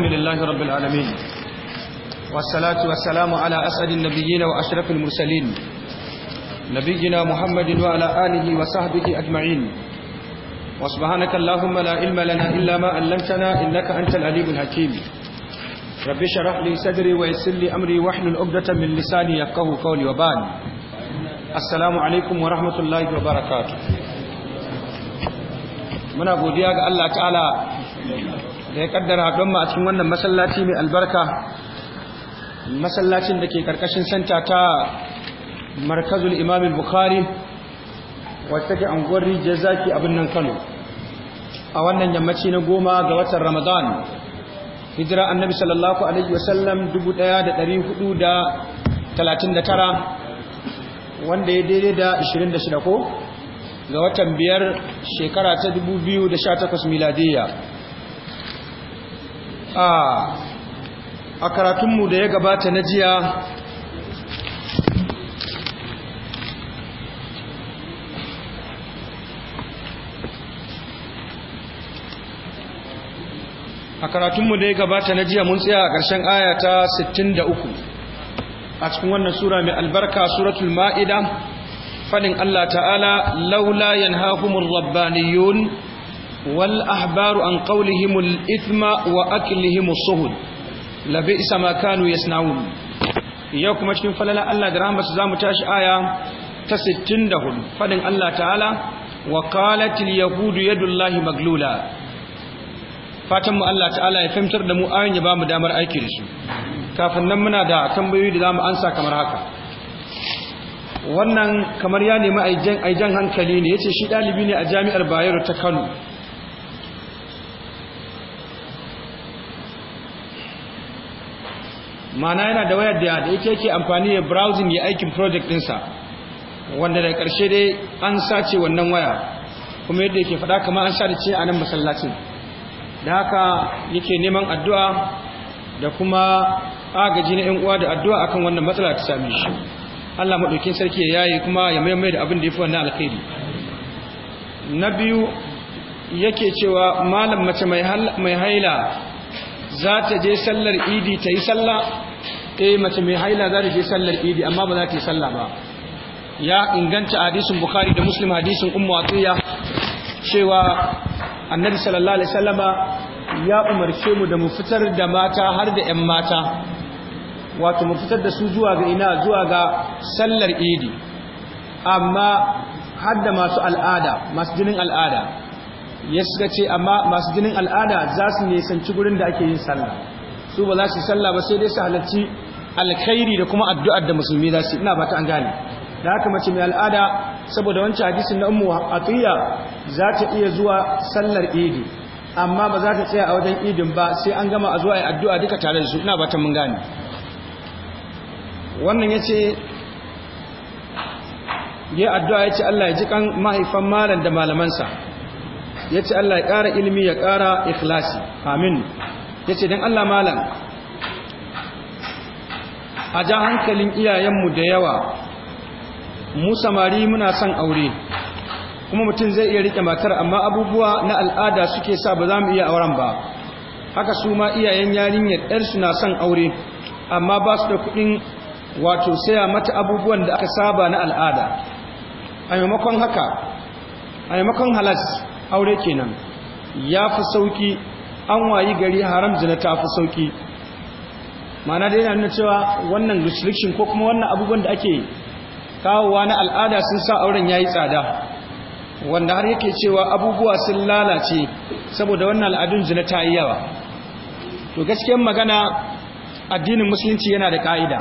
الحمد لله رب العالمين والصلاة والسلام على أسعد النبيين وأشرف المرسلين نبينا محمد وعلى آله وصحبه أجمعين وسبحانك اللهم لا علم لنا إلا ما علمتنا إنك أنت العليم الحكيم رب شرح لي صدري ويسر لي أمري واحلل عقدة من لساني يفقه قولي وبعد السلام عليكم ورحمة الله وبركاته muna godiya ga Allah ta'ala da ya kaddara don ma a cikin wannan masallaci mai albarka masallacin da ke karkashin santa ta markazul imam bukhari wacce take anguwar rijiyar zaki abin nan kano a wannan yammaci na goma ga watan ramadan hijira annabi sallallahu alaihi wasallam 1439 wanda ya daidai da 26 ko ga watan biyar shekara ta 2018 miladiyya a karatunmu da ya gabata na jiya a karatunmu da ya gabata na jiya mun tsaya a ƙarshen aya ta 63 a cikin wannan sura mai albarka suratul ma'ida fadin Allah ta'ala laula yanhahumur rabbaniyun والأحبار عن قولهم الإثم وأكلهم الصهد لبئس ما كانوا يصنعون يوكم أجل فلنا ألا درام بسزام تاش آية تستن دهن فلن الله تعالى وقالت اليهود يد الله مغلولة fatan mu Allah ta'ala ya fahimtar da mu ayan ya bamu damar aiki da su kafin nan muna da tambayoyi da zamu ansa kamar haka wannan kamar ya nemi aijan hankali ne yace shi ɗalibi ne a jami'ar Bayero ta Kano ma'ana yana da wayar da ita yake amfani da browsing ya aikin project dinsa wanda da karshe dai an sace wannan waya kuma yadda yake fada kamar an sace a nan masallacin da haka yake neman addu'a da kuma agaji na 'yan uwa da addu'a akan wannan matsala ta same shi Allah maɗaukin sarki ya yayi kuma ya maimai da abin da ya fi wannan alkhairi na biyu yake cewa malam mace mai haila za ta je sallar idi ta yi sallah eh mace mai haila za ta je sallar idi amma ba za ta yi sallah ba ya inganta hadisin bukhari da muslim hadisin ummu atiya cewa annabi sallallahu alaihi wasallama ya umarce mu da mu fitar da mata har da ƴan mata wato mu fitar da su zuwa ga ina zuwa ga sallar idi amma har da masu al'ada masu jinin al'ada ya suka ce amma masu jinin al'ada za su nisanci gurin da ake yin sallah su ba za su sallah ba sai dai su halarci alkhairi da kuma addu'ar da musulmi za su ina ba ta an gane da haka mace mai al'ada saboda wancan hadisin na ummu atiya za ta iya zuwa sallar idi amma ba za ta tsaya a wajen idin ba sai an gama a zuwa yi addu'a duka tare da su ina ba ta mun gane wannan ya ce ya addu'a ya ce Allah ya ji kan mahaifan malam da malamansa ya ce Allah ya ƙara ilimi ya ƙara ikhlasi amin ya ce don allah malam a ja hankalin iyayenmu da yawa mu samari muna son aure kuma mutum zai iya rike matar amma abubuwa na al'ada suke sa ba za mu iya auren ba haka su ma iyayen yarinyar ɗarsu na son aure amma ba su da kuɗin wato saya mata abubuwan da aka saba na al'ada a maimakon haka a maimakon halas aure kenan ya fi sauki an wayi gari haram zina ta fi sauki mana da yana nuna cewa wannan restriction ko kuma wannan abubuwan da ake kawowa na al'ada sun sa auren ya yi tsada wanda har yake cewa abubuwa sun lalace saboda wannan al'adun zina ta yi yawa to gaskiyar magana addinin musulunci yana da ka'ida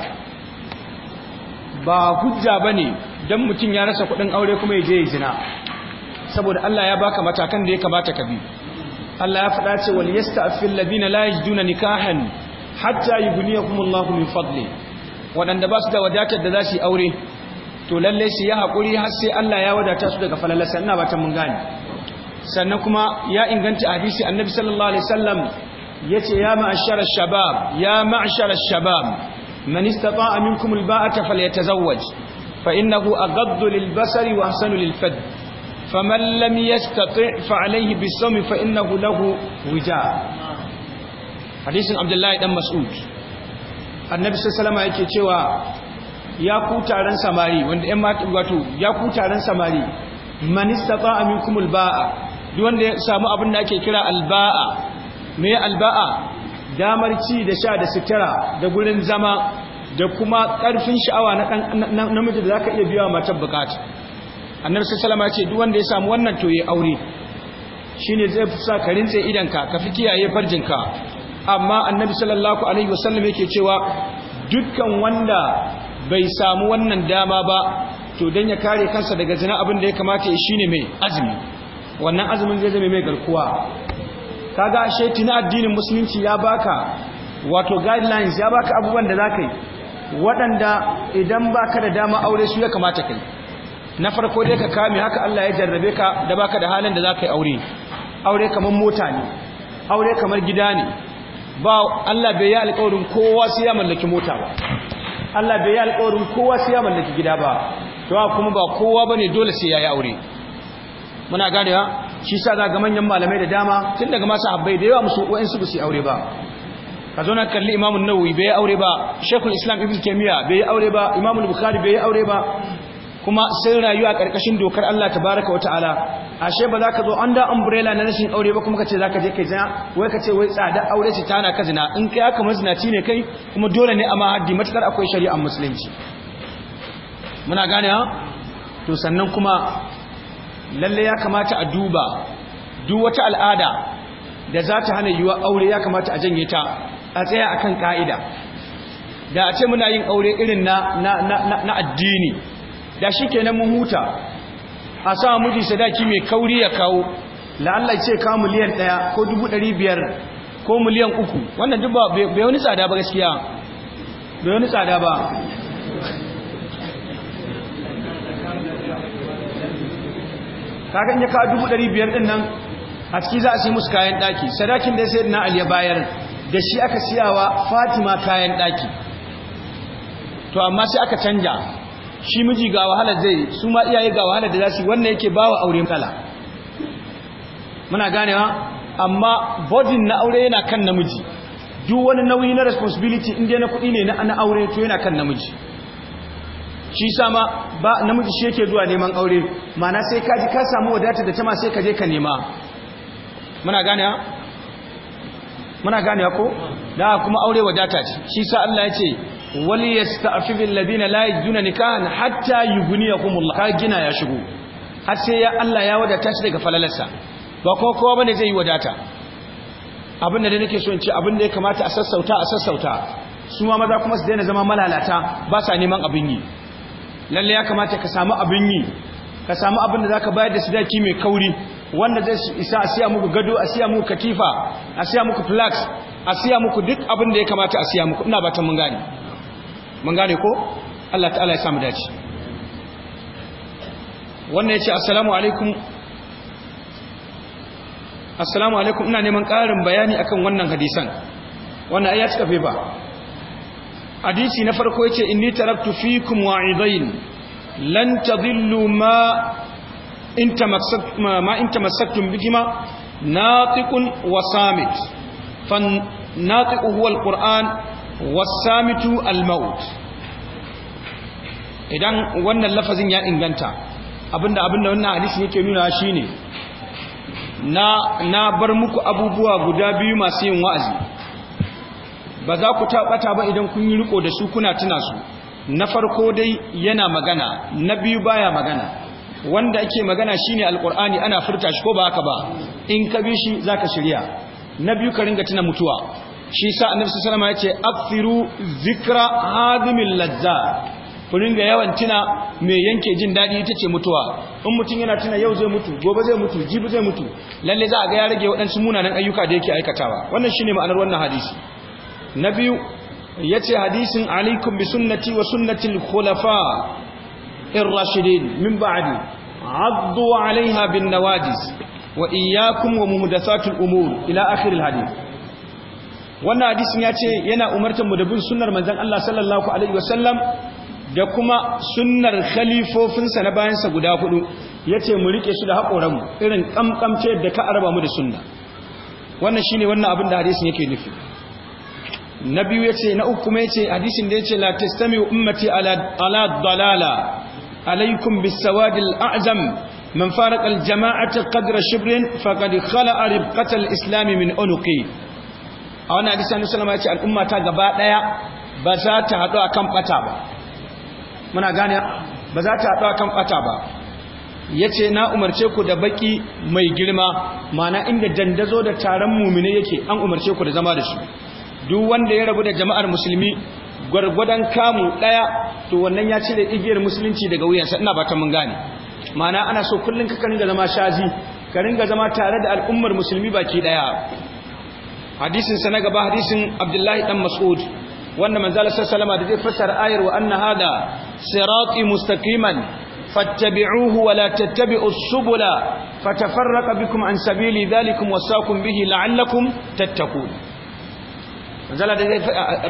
ba hujja ba ne don mutum ya rasa kuɗin aure kuma ya je ya zina saboda Allah ya baka matakan da ya kamata ka bi Allah ya faɗa ce wal yasta'fil ladina la juna nikahan hatta yughniyahumullahu min fadli Waɗanda ba su da wadatar da za su yi aure to lalle shi ya hakuri har sai Allah ya wadata su daga falalarsa ina ba ta mun gane sannan kuma ya inganta hadisi annabi sallallahu alaihi wasallam yace ya ma'ashara shabab ya ma'ashara shabab man istata'a minkum alba'ata falyatazawwaj fa innahu aghaddu lilbasari wa ahsanu lilfad faman lam yastati fa alayhi bisawmi fa innahu lahu wija hadisin abdullahi dan mas'ud annabi sallallahu yake cewa ya ku taron samari wanda ɗan mata wato ya ku taron samari man istata'a minkum alba'a duk wanda ya samu abin da ake kira alba'a me alba'a damar ci da sha da sitara da gurin zama da kuma ƙarfin sha'awa na namiji da zaka iya biya matar bukata annar sallallahu salama ce duk wanda ya samu wannan to yi aure shine zai fusa ka rintse idanka ka fi kiyaye farjin ka amma annabi sallallahu alaihi wasallam yake cewa dukkan wanda bai samu wannan dama ba to dan ya kare kansa daga zina abin da ya kamata shine mai azumi wannan azumin zai zama mai garkuwa kaga ashe tuna addinin musulunci ya baka wato guidelines ya baka abubuwan da zaka yi waɗanda idan baka da dama aure su ya kamata kai na farko dai ka kame haka Allah ya jarrabe ka da baka da halin da zaka yi aure aure kamar mota ne aure kamar gida ne ba Allah bai yi alƙawarin kowa sai ya mallaki mota ba Allah bai yi alƙawarin kowa sai ya mallaki gida ba to kuma ba kowa bane dole sai ya yi aure muna gane ha shi sa manyan malamai da dama tun daga masu habbai da yawa musu wa'ansu ba su aure ba ka zo na kalli imamun nawawi bai aure ba shekul islam ibn taymiya bai aure ba imamul bukhari bai aure ba kuma sun rayu a ƙarƙashin dokar Allah ta tabaraka wa ta'ala ashe ba za ka zo an da umbrella na rashin aure ba kuma ka ce za ka je kai zina wai ka ce wai tsada aure ce tana ka zina in kai aka ci ne kai kuma dole ne a mahaddi matuƙar akwai shari'ar musulunci muna gane ha to sannan kuma lalle ya kamata a duba duk wata al'ada da za ta hana yiwuwa aure ya kamata a janye ta a tsaya akan ka'ida da a ce muna yin aure irin na addini da shi kenan mun huta a sa miji sadaki mai kauri ya kawo la'alla ce ka miliyan ɗaya ko dubu ɗari biyar ko miliyan uku wannan duk bai wani tsada ba gaskiya bai wani tsada ba Ka ganye ka dubu ɗari biyar ɗin nan a ciki za a sai musu kayan ɗaki sadakin da sai na Aliya bayar da shi aka siyawa fatima kayan ɗaki to amma sai aka canja shi miji ga wahala zai su ma iyaye ga wahala da za su wannan yake bawa aure matsala muna ganewa amma bodin na aure yana kan namiji duk wani nauyi na responsibility inda na kuɗi ne na aure to yana kan namiji shi sama ba namiji shi yake zuwa neman aure mana sai ka ji ka samu wadata da tama sai ka je ka nema muna ganewa muna ganewa ko da kuma aure wadata ce shi sa Allah ya ce wali yasta'fifu alladhina layi juna nikahan hatta yughniyahumullah ka gina ya shigo har sai ya Allah ya wadata shi daga falalarsa ba ko kowa bane zai yi wadata abin da nake so in ce abin da ya kamata a sassauta a sassauta su ma maza kuma su daina zama malalata ba sa neman abin yi lalle ya kamata ka samu abin yi ka samu abin da zaka bayar da sadaki mai kauri wanda zai isa a siya muku gado a siya muku katifa a siya muku flax a siya muku duk abin da ya kamata a siya muku ina ba mun gane mun gane ko Allah ta'ala ya samu dace wannan ya ce assalamu alaikum assalamu alaikum ina neman ƙarin bayani akan wannan hadisan wannan ayat cika ba hadisi na farko ya ce inni taraktu fikum wa'idain lan tadillu ma inta tamassaktum ma inta masaktum bihima natiqun wa samit fan natiqu huwa alquran wasamitu almaut idan wannan lafazin ya inganta abinda abinda wannan hadisi yake nuna shine na na bar muku abubuwa guda biyu masu yin wa'azi ba za ku taɓata ba idan kun yi riko da su kuna tuna su na farko dai yana magana na biyu baya magana wanda ake magana shine alqur'ani ana furta shi ko ba haka ba in ka bi shi zaka shirya na biyu ka ringa tuna mutuwa shi sa annabi sallallahu ya ce afiru zikra hadimil lazza kunin ga yawan tuna mai yanke jin daɗi ita ce mutuwa in mutum yana tuna yau zai mutu gobe zai mutu jibi zai mutu lalle za a ga ya rage waɗansu munanan ayyuka da yake aikatawa wannan shine ma'anar wannan hadisi na biyu yace hadisin alaikum bi sunnati wa sunnatil khulafa ar-rashidin min ba'di addu alaiha bin nawajis wa iyyakum wa muhdathatil umur ila akhir al-hadith wannan hadisin ya ce yana umartar mu da bin sunnar manzon Allah sallallahu alaihi wasallam da kuma sunnar khalifofinsa na bayansa guda hudu yace mu rike su da hakoran mu irin kamkamce da ka araba mu da sunna wannan shine wannan abin da hadisin yake nufi Nabiyu yace na uku kuma yace hadisin da yace la tastami ummati ala ala dalala alaikum bisawadil a'zam man faraqa al jama'ata qadra shibrin faqad khala'a ribqata al islam min unuqi a wani hadisi annabi sallallahu ya ce al'umma ta gaba daya ba za ta hadu akan bata ba muna gane ba za ta hadu akan bata ba yace na umarce ku da baki mai girma mana inda dandazo da taron mumine yake an umarce ku da zama da su duk wanda ya rabu da jama'ar musulmi gwargwadon kamu daya to wannan ya cire igiyar musulunci daga wuyansa ina ba ta mun gane mana ana so kullun ka karinga zama shazi ka ringa zama tare da al'ummar musulmi baki daya hadisin sa na gaba hadisin abdullahi dan mas'ud wanda manzala sallama da zai fassara ayar wa anna hada sirati mustaqiman fattabi'uhu wa la tattabi'us subula fatafarraqa bikum an sabili dhalikum wasaqum bihi la'allakum tattaqun manzala da zai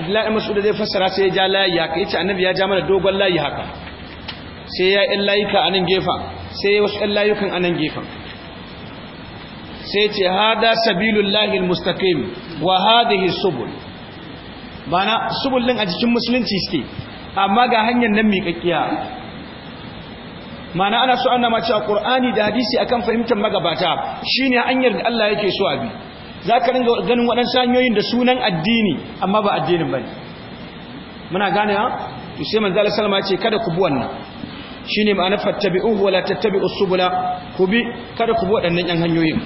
abdullahi dan mas'ud zai fassara sai ya ja layi haka yace annabi ya ja mana dogon layi haka sai ya yi layuka anan gefa sai wasu layukan anan gefan sai ce hada sabilullahi almustaqim wa hadhihi subul bana subul din a cikin musulunci suke amma ga hanyar nan miƙaƙiya mana ana so annama cewa qur'ani da hadisi akan fahimtar magabata shine hanyar da Allah yake so a abi zaka ringa ganin waɗansu hanyoyin da sunan addini amma ba addinin bane muna gane ha to sai manzo Allah sallama ce kada ku bi wannan shine ma'ana fattabi'u wala tattabi'us subula ku bi kada ku bi waɗannan yan hanyoyin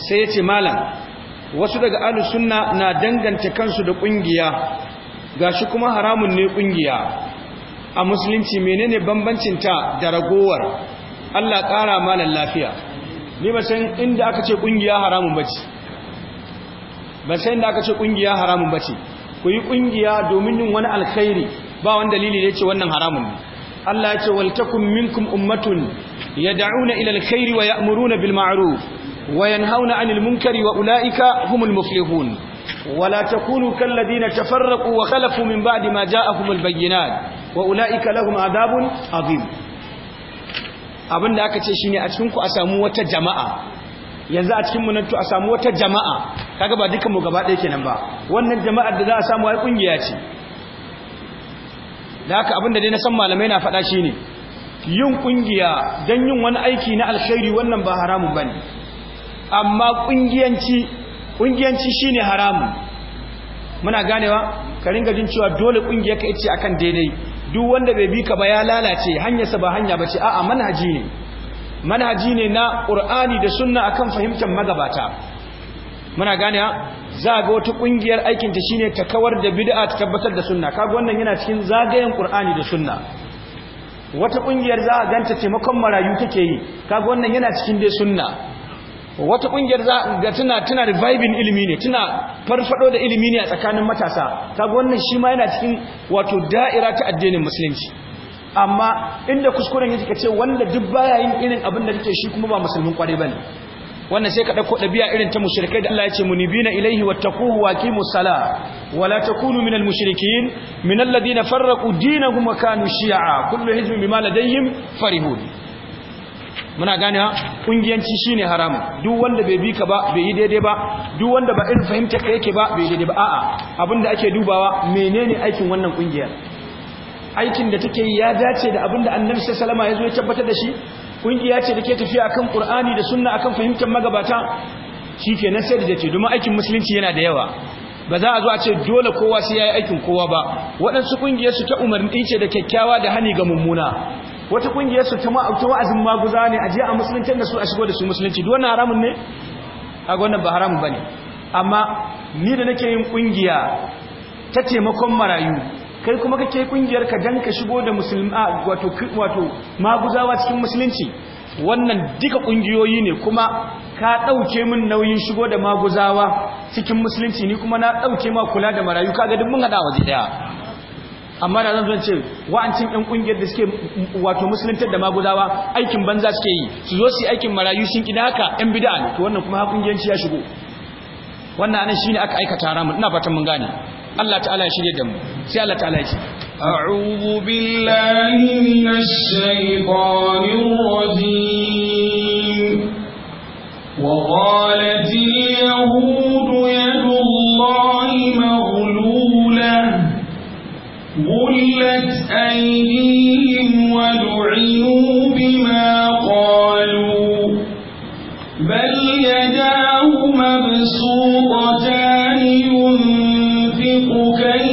sai ya ce malam wasu daga alu suna na danganta kansu da kungiya ga shi kuma haramun ne kungiya a musulunci menene bambancin ta da ragowar Allah ƙara malam lafiya ni ba san inda aka ce kungiya haramun bace ba san inda aka ce kungiya haramun bace ku yi kungiya domin yin wani alkhairi ba wani dalili ne ce wannan haramun ne Allah ya ce wal takum minkum ummatun yad'una ila alkhairi wa ya'muruna bil ma'ruf وينهون عن المنكر وأولئك هم المفلحون ولا تكونوا كالذين تفرقوا وخلفوا من بعد ما جاءهم البينات وأولئك لهم عذاب عظيم abin da aka ce shi ne a cikinku a samu wata jama'a yanzu a cikin munantu a samu wata jama'a kaga ba dukanmu gaba ɗaya kenan ba wannan jama'ar da za a samu ai ƙungiya ce da haka abin da dai na san malamai na faɗa shi ne yin ƙungiya don yin wani aiki na alkhairi wannan ba haramun ba ne amma kungiyanci kungiyanci shine haramun muna ganewa ka ringa jin cewa dole kungiyarka ce akan daidai duk wanda bai bi ka ba ya lalace hanyarsa ba hanya bace a'a manhaji ne manhaji ne na qur'ani da sunna akan fahimtar magabata muna ganewa za ga wata kungiyar aikin ta shine ta kawar da bid'a ta tabbatar da sunna kaga wannan yana cikin zagayen qur'ani da sunna wata kungiyar za a ganta taimakon marayu take yi kaga wannan yana cikin dai sunna wata kungiyar za ga tana tana reviving ilimi ne tana farfado da ilimi ne a tsakanin matasa kaga wannan shi ma yana cikin wato da'ira ta addinin musulunci amma inda kuskuren yake kace wanda duk baya yin irin abin da ke shi kuma ba musulmin kware bane wannan sai ka dauko dabi'a irin ta mushrikai da Allah ya ce munibina ilaihi wattaquhu waqimus sala wala takunu minal mushrikin minal ladina farraqu dinahum wa kanu shi'a kullu hizbin bima ladayhim farihun muna ganewa kungiyanci shine haramun duk wanda bai bi ka ba bai yi daidai ba duk wanda ba irin fahimta ka yake ba bai yi daidai ba a'a abinda ake dubawa menene aikin wannan kungiyar aikin da take yi ya dace da abinda annabi sallallahu alaihi wasallam ya tabbatar da shi kungiya ce da ke tafiya akan qur'ani da sunna akan fahimtar magabata shikenan sai da ce domin aikin musulunci yana da yawa ba za a zo a ce dole kowa sai ya yi aikin kowa ba waɗansu kungiyar su ta umarni ce da kyakkyawa da hani ga mummuna wata kungiyar su ta wa'azin maguza ne aje a musulunci da su a shigo da su musulunci duk haramun ne a wannan ba haramun ba ne. amma ni da nake yin kungiya ta taimakon marayu kai kuma kake kungiyar ka dan ka shigo da musulma wato wato maguzawa cikin musulunci wannan duka kungiyoyi ne kuma ka ɗauke min nauyin shigo da maguzawa cikin musulunci ni kuma na ɗauke ma kula da marayu kaga duk mun hada waje daya amma da zan zo ce wa'ancin ɗan ƙungiyar da suke wato musuluntar da maguzawa aikin banza suke yi su zo su aikin marayu sun ƙi haka ɗan bida ne to wannan kuma ƙungiyanci ya shigo wannan anan ne aka aikata ramin ina fatan mun gane Allah ta'ala ya shirya da mu sai Allah ta'ala ya ce a'udhu billahi minash shaytanir rajim wa qalat yahudu yadullahi maghlulah غلت أيديهم ولعنوا بما قالوا بل يداه مبسوطتان ينفق كيف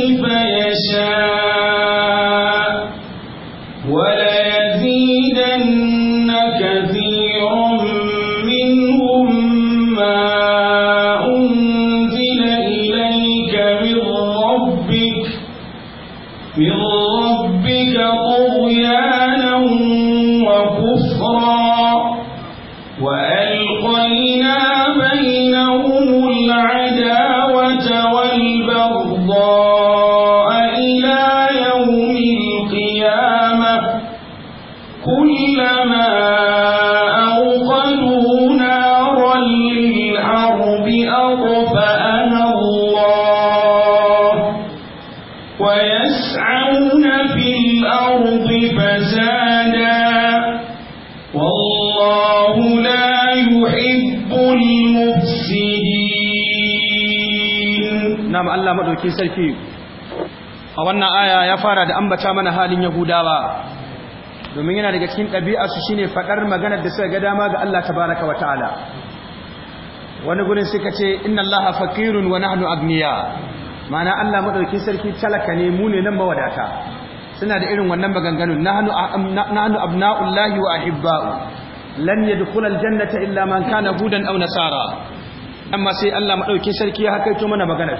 كلما أوقدوا نارا للحرب أطفأنا الله ويسعون في الأرض فسادا والله لا يحب المفسدين نعم الله مدوكي سلكي a wannan aya ya fara da ambata mana halin yahudawa domin yana daga cikin ɗabi'arsu shine faɗar maganar da suka ga dama ga Allah tabaraka wa ta'ala wani gurin suka ce inna allaha faqirun wa nahnu agniya ma'ana Allah madauki sarki talaka ne mu ne nan mawadata suna da irin wannan maganganun nahnu nahnu abna'ullahi wa ahibba'u lan yadkhula aljannata illa man kana hudan aw nasara amma sai Allah madauki sarki ya hakaito mana maganar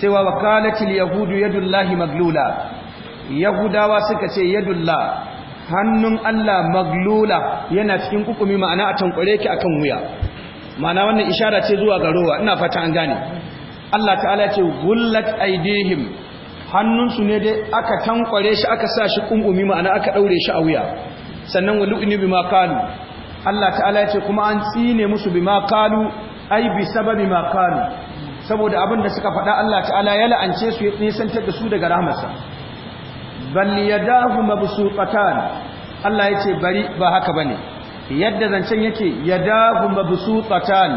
cewa wakalatil yahudu yadullahi maglula yahudawa suka ce yadullah hannun Allah maglula yana cikin kukumi ma'ana a tankware ki akan wuya ma'ana wannan ishara ce zuwa ga rowa ina fata an gane Allah ta'ala ce gullat aidihim hannunsu ne dai aka tankware shi aka sa shi kungumi ma'ana aka daure shi a wuya sannan lu'ni bima qalu Allah ta'ala ya ce kuma an tsine musu bima qalu ai bi sababi ma qalu saboda abin da suka faɗa Allah ta'ala ya la'ance su ya nisantar da su daga rahmarsa bal yadahu mabsuqatan Allah ya ce bari ba haka ba ne yadda zancen yake ya dahu mabusutatan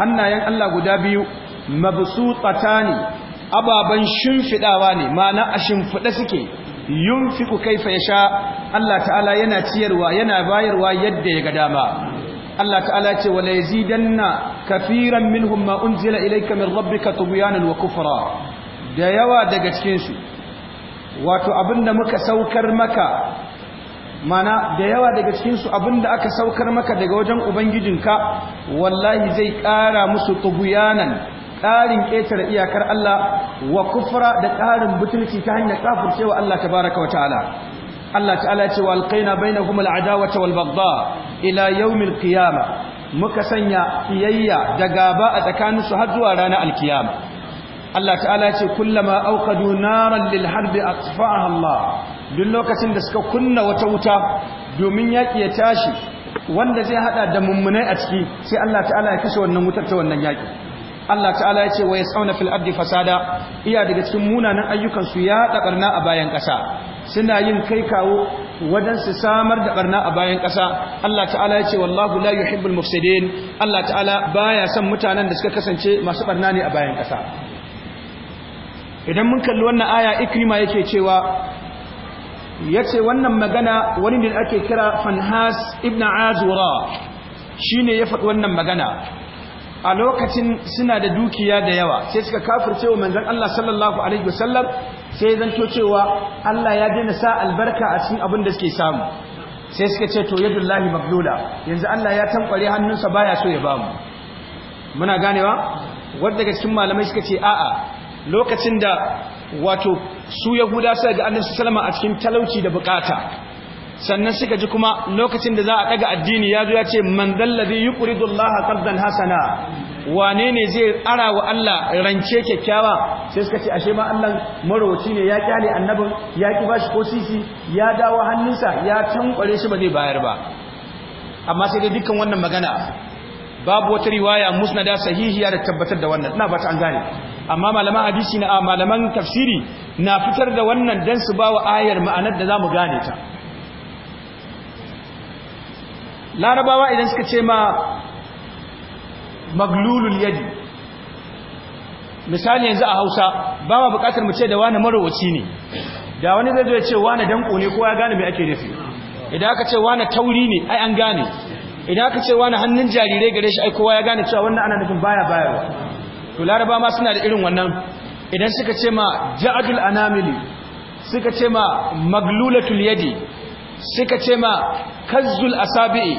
hannayen Allah guda biyu mabusutatan ababen shimfiɗawa ne ma'ana a shimfiɗa suke yunfiku kaifa sha. Allah ta'ala yana ciyarwa yana bayarwa yadda ya ga dama Allah ta'ala ce wala yazidanna kafiran humma ma ilai ilayka min rabbika tughyanan wa kufra da yawa daga cikin su wato abinda muka saukar maka mana da yawa daga cikinsu da aka saukar maka daga wajen ubangijinka wallahi zai ƙara musu tuguyanan ƙarin ƙetare iyakar Allah wa kufra da ƙarin butulci ta hanyar kafircewa Allah tabaraka wa ta'ala Allah ta'ala ce wa na bainahum al'adawata wal baghdha ila yawm al muka sanya iyayya da gaba a tsakaninsu har zuwa ranar alkiyama Allah ta'ala ce kullama auqadu naran lil harbi a Allah duk lokacin da suka kunna wata wuta domin yaƙi ya tashi wanda zai hada da mummunai a ciki sai Allah ta'ala ya kashe wannan wutar ta wannan yaƙi Allah ta'ala ya ce wa yas'auna fil ardi fasada iya daga cikin munanan ayyukan su ya da barna a bayan ƙasa suna yin kai kawo wajen su samar da barna a bayan ƙasa Allah ta'ala ya ce wallahu la yuhibbul mufsidin Allah ta'ala baya son mutanen da suka kasance masu barna ne a bayan ƙasa idan mun kalli wannan aya ikrima yake cewa ya ce wannan magana wani da ake kira fanhas ibn azura shi ne ya faɗi wannan magana a lokacin suna da dukiya da yawa sai suka kafir wa manzan Allah sallallahu alaihi wasallam sai zan to cewa Allah ya daina sa albarka a cikin abin da suke samu sai suka ce to yadullahi maglula yanzu Allah ya tankware hannunsa baya so ya bamu muna ganewa wadda daga cikin malamai suka ce a'a lokacin da wato su yahuda suka ga annabi sallama a cikin talauci da bukata sannan suka ji kuma lokacin da za a daga addini ya zo ya ce man dalladhi yuqridu Allah qardan hasana wane ne zai ara wa Allah rance kyakkyawa sai suka ce ashe ma Allah marowaci ne ya kyale annabin ya ki bashi ko sisi ya dawo hannunsa ya tankware shi ba zai bayar ba amma sai dai dukkan wannan magana babu wata riwaya musnada sahihiya da tabbatar da wannan ina ba ta an gane amma malaman hadisi na malaman tafsiri na fitar da wannan dan su bawa ayar ma'anar da zamu gane ta larabawa idan suka ce ma maglulul yadi misali yanzu a Hausa ba ma bukatar mu ce da wani marowaci ne da wani zai zo ya ce wani danko ne ko ya gane me ake nufi idan aka ce wani tauri ne ai an gane idan aka ce wani hannun jarirai gare shi ai kowa ya gane cewa wannan ana nufin baya bayarwa to laraba ma suna da irin wannan idan suka ce ma ja'adul anamili suka ce ma maglulatul yadi suka ce ma kazzul asabi'i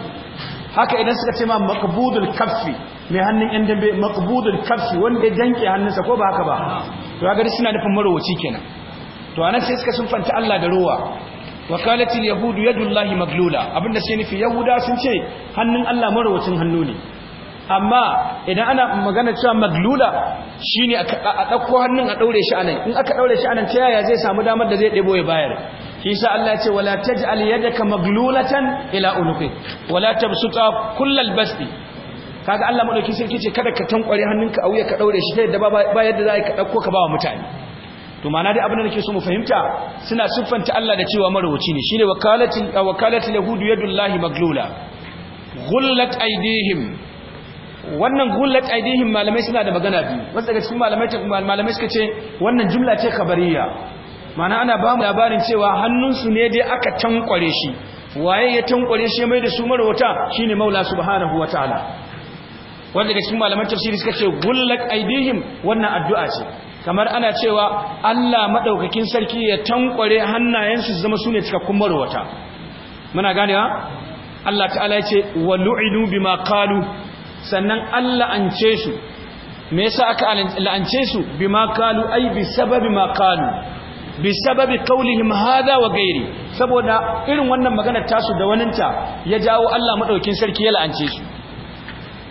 haka idan suka ce ma maqbudul kaffi mai hannun yan dambe Makbudul kaffi wanda ya danke hannunsa ko ba haka ba to ga dai suna nufin marowaci kenan to anan sai suka sunfanta Allah da ruwa wakalatul yahudu yadullahi maglula abinda sai nufi yahuda sun ce hannun Allah marowacin hannu ne amma idan ana magana cewa maglula shine a ɗauko hannun a daure shi anan in aka ɗaure shi anan ta yaya zai samu damar da zai debo ya bayar shi sa Allah ya ce wala taj'al yadaka maglulatan ila unuqi wala tabsuta kullal basti kaga Allah madauki sarki ce kada ka tankware hannunka a wuya ka ɗaure shi ta yadda ba yadda za ka ɗauko ka ba wa mutane to ma'ana dai abin da nake so mu fahimta suna siffanta Allah da cewa marubuci ne shine wakalatin wakalatul yahudu yadullahi maglula ghullat aydihim wannan gullat aidihim malamai suna da magana biyu wasu daga cikin malamai malamai suka ce wannan jumla ce kabariya mana ana ba mu labarin cewa hannunsu ne dai aka tankware shi waye ya tankware shi mai da su marwata shine maula subhanahu ta'ala. wanda daga cikin malamai tafsiri suka ce gullat aidihim wannan addu'a ce kamar ana cewa Allah madaukakin sarki ya tankware su zama sune cikakkun marwata muna ganewa Allah ta'ala ya ce walu'inu bima qalu sannan alla'ance su me yasa aka la'ance su bima kalu ai bi sababi ma kalu bi sababi kaulihim hada wa gairi saboda irin wannan maganar tasu da waninta ya jawo Allah madaukin sarki ya la'ance su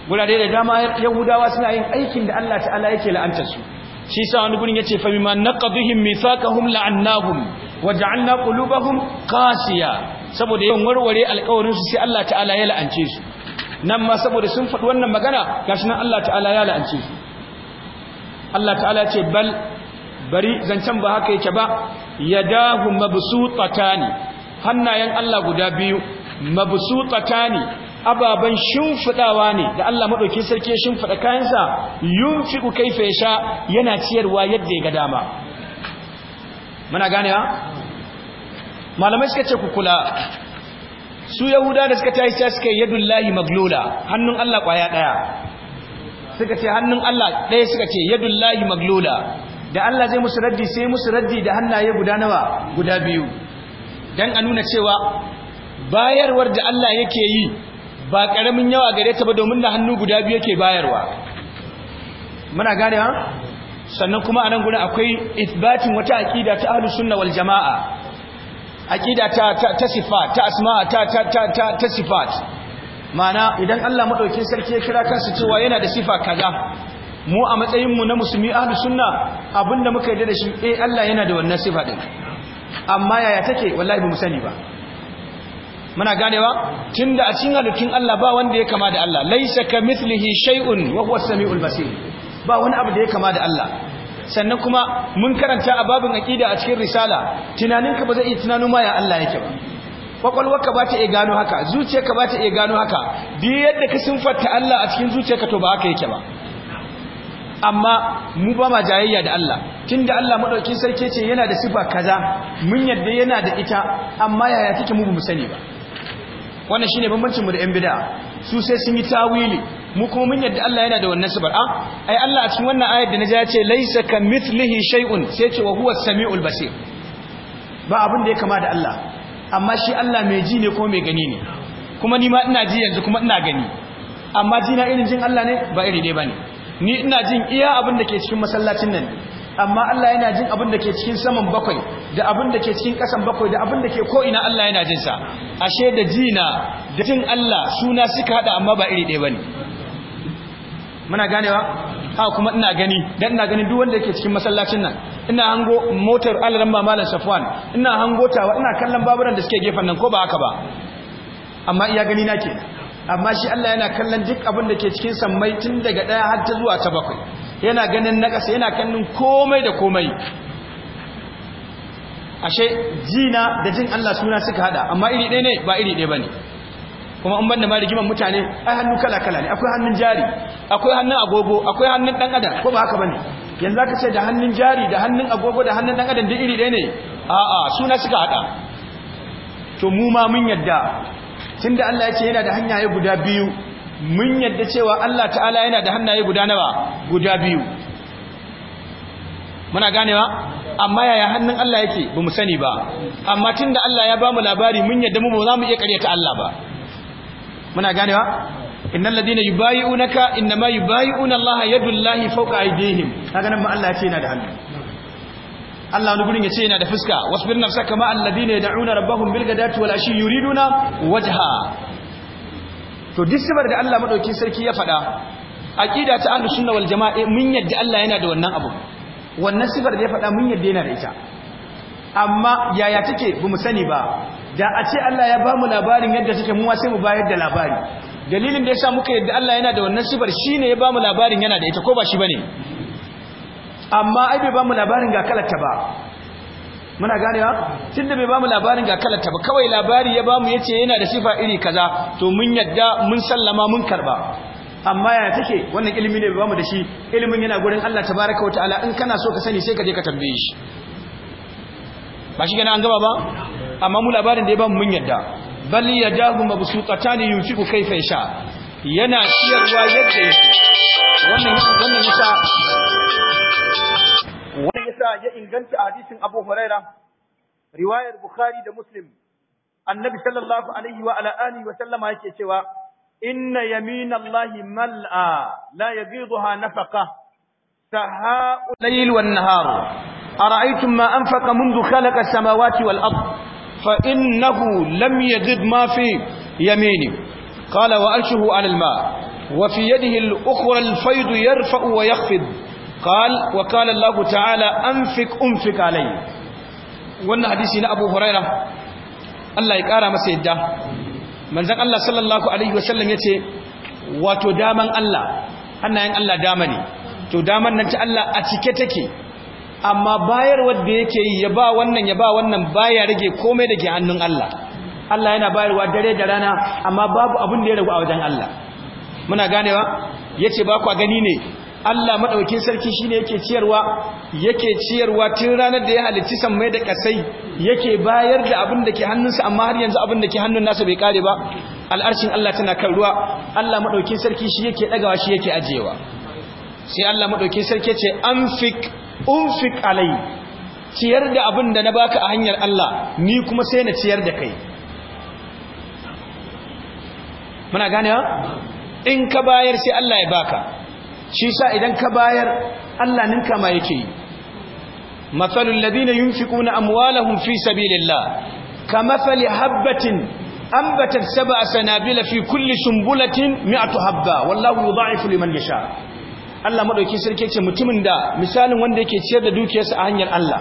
gurare da dama yahudawa suna yin aikin da Allah ta'ala yake la'anta su shi sa wani gurin yace fa bima naqadhihim mithaqahum la'annahum wa ja'alna qulubahum qasiya saboda yawan warware alƙawarin su sai Allah ta'ala ya la'ance su nan ma saboda sun faɗi wannan magana gashi nan Allah ta'ala ya la'anci. Allah ta'ala ce bal bari zancen ba haka yake ba yadahu mabsutatani hannayen Allah guda biyu mabsutatani ababan shimfiɗawa ne da Allah madauki sarki ya shimfida kayansa yunfiku kaifa yasha yana ciyarwa yadda ya ga dama muna ganewa malamai suka ce ku kula su yahuda da suka tashi suka yi yadullahi maglula hannun Allah kwaya daya suka ce hannun Allah daya suka ce yadullahi maglula da Allah zai musu raddi sai musu raddi da hannaye guda nawa guda biyu dan a nuna cewa bayarwar da Allah yake yi ba karamin yawa gare ta ba domin da hannu guda biyu yake bayarwa muna gane ha sannan kuma anan gurin akwai ithbatin wata aqida ta ahlus sunna wal jamaa aqida ta ta sifat ta asma ta ta ta ta sifat mana idan Allah madaukin sarki ya kira kansa cewa yana da sifa kaza mu a matsayin mu na musulmi ahlus sunna abinda muka yarda da shi eh Allah yana da wannan sifa din amma yaya take wallahi ba mu sani ba muna ganewa tunda a cikin halukin Allah ba wanda ya kama da Allah laysa kamithlihi shay'un wa huwa as-sami'ul basir ba wani abu da ya kama da Allah sannan kuma mun karanta a babin aƙida a cikin risala tunaninka ba zai iya ma ya Allah yake ba kwakwalwarka ba ta iya gano haka zuciyarka ba ta iya gano haka duk yadda ka sunfarta Allah a cikin zuciyarka to ba haka yake ba amma mu ba ma jayayya da Allah Tun da Allah maɗauki sarki ce yana da sifa kaza mun yadda yana da ita amma yaya take mu ba mu sani ba wannan shine bambancin mu da yan bid'a su sai sun yi tawili mu kuma mun yadda Allah yana da wannan sabar a ah, ai Allah a cikin wannan ayar da na yace ce laisa kamithlihi shay'un sai ce wa huwa samiul basir ba abin da ya kama da Allah amma shi Allah mai ji ne ko mai gani ne kuma ni ma ina ji yanzu kuma ina gani amma ji na irin jin Allah ne ba iri ne bane ni ina jin iya abin da ke cikin masallacin nan amma Allah yana jin abin da ke cikin saman bakwai da abin da ke cikin ƙasan bakwai da abin da ke ko'ina Allah yana jinsa ashe da jina da jin Allah suna suka haɗa amma ba iri ɗaya ba ne muna ganewa ha kuma ina gani dan ina gani duk wanda yake cikin masallacin nan ina hango motar allah ba malam safwan ina hango tawa ina kallon baburan da suke gefen nan ko ba haka ba amma iya gani na ke amma shi Allah yana kallon duk abin da ke cikin sammai tun daga daya har ta zuwa ta bakwai yana ganin na ƙasa yana kallon komai da komai ashe jina da jin Allah suna suka hada amma iri ɗaya ne ba iri ɗaya bane kuma an banda ma rigiman mutane ai hannu kala kala ne akwai hannun jari akwai hannun agogo akwai hannun dan adam ko ba haka bane yanzu aka ce da hannun jari da hannun agogo da hannun dan adam duk iri ɗaya ne a'a suna suka hada to mu ma mun yadda tunda Allah ya ce yana da hanyaye guda biyu mun yadda cewa Allah ta'ala yana da hannaye guda nawa guda biyu muna ganewa amma yaya hannun Allah yake bamu sani ba amma tunda Allah ya bamu labari mun yadda mu ba za mu iya karyata Allah ba muna ganewa innal ladina yubayi'unaka innama yubayi'una Allah yadullahi fawqa aydihim kaga nan ma Allah ce yana da hannu Allah wani gurin yace yana da fuska wasbir nafsaka ma alladina yad'una rabbahum bil ghadati wal ashi yuriduna wajha to duk da Allah madauki sarki ya faɗa aqida ta ahlus sunna wal jamaa mun yadda Allah yana da wannan abu wannan sifar da ya faɗa mun yadda yana da ita amma yaya take bamu sani ba da a ce Allah ya ba mu labarin yadda suke muwa sai mu bayar da labari dalilin da ya sa muka yadda Allah yana da wannan sifar shine ya ba mu labarin yana da ita ko ba shi bane amma ai bai ba mu labarin ga kalata ba muna ganewa tunda bai ba mu labarin ga kalata ba kawai labari ya ba mu yace yana da sifa iri kaza to mun yadda mun sallama mun karba amma ya take wannan ilimi ne ba mu da shi ilimin yana gurin Allah tabaraka wa ta'ala in kana so ka sani sai ka je ka tambaye shi ba shi gani an gaba ba amma mu labarin da ya ba mu mun yadda bal yadahu mabsuqatan yunfiqu kayfa yasha yana ciyarwa yadda yake wannan wannan yasa wannan yasa ya inganta hadisin Abu Huraira riwayar Bukhari da Muslim annabi sallallahu alaihi wa ala alihi wa sallama yake cewa inna yaminallahi mal'a la yaghiduha nafaqa sahaa layl wan nahar أرأيتم ما أنفق منذ خلق السماوات والأرض فإنه لم يجد ما في يمينه قال وأرشه على الماء وفي يده الأخرى الفيض يرفع ويخفض قال وقال الله تعالى أنفق أنفق عليه وأن حديثنا أبو هريرة الله يكارى مسيدة من ذلك الله صلى الله عليه وسلم يتي وتدامن الله أنا أن الله دامني تدامن أنت الله أتكتكي amma bayar wadda yake yi ya ba wannan ya ba wannan baya rage komai da ke hannun Allah Allah yana bayarwa dare da rana amma babu abin da ya ragu a wajen Allah muna ganewa yace ba ku gani ne Allah maɗaukin sarki shine yake ciyarwa yake ciyarwa tun ranar da ya halicci mai da kasai yake bayar da abin da ke hannunsa amma har yanzu abin da ke hannun nasa bai kare ba al'arshin Allah tana kan ruwa Allah madaukakin sarki shi yake dagawa shi yake ajiyewa. sai Allah madaukakin sarki ce anfik Unfik alai ciyar da abun da na baka a hanyar Allah ni kuma sai na ciyar da kai muna gane in ka bayar sai Allah ya baka shi sa idan ka bayar Allah ninka ma yake yi matsalul ladina yunfiquna amwalahum fi sabilillah kamathali habbatin أنبتت سبع سنابل في كل سنبلة مئة حبة والله يضاعف لمن يشاء Allah madauki sarki ce mutumin da misalin wanda yake ciyar da dukiyarsa a hanyar Allah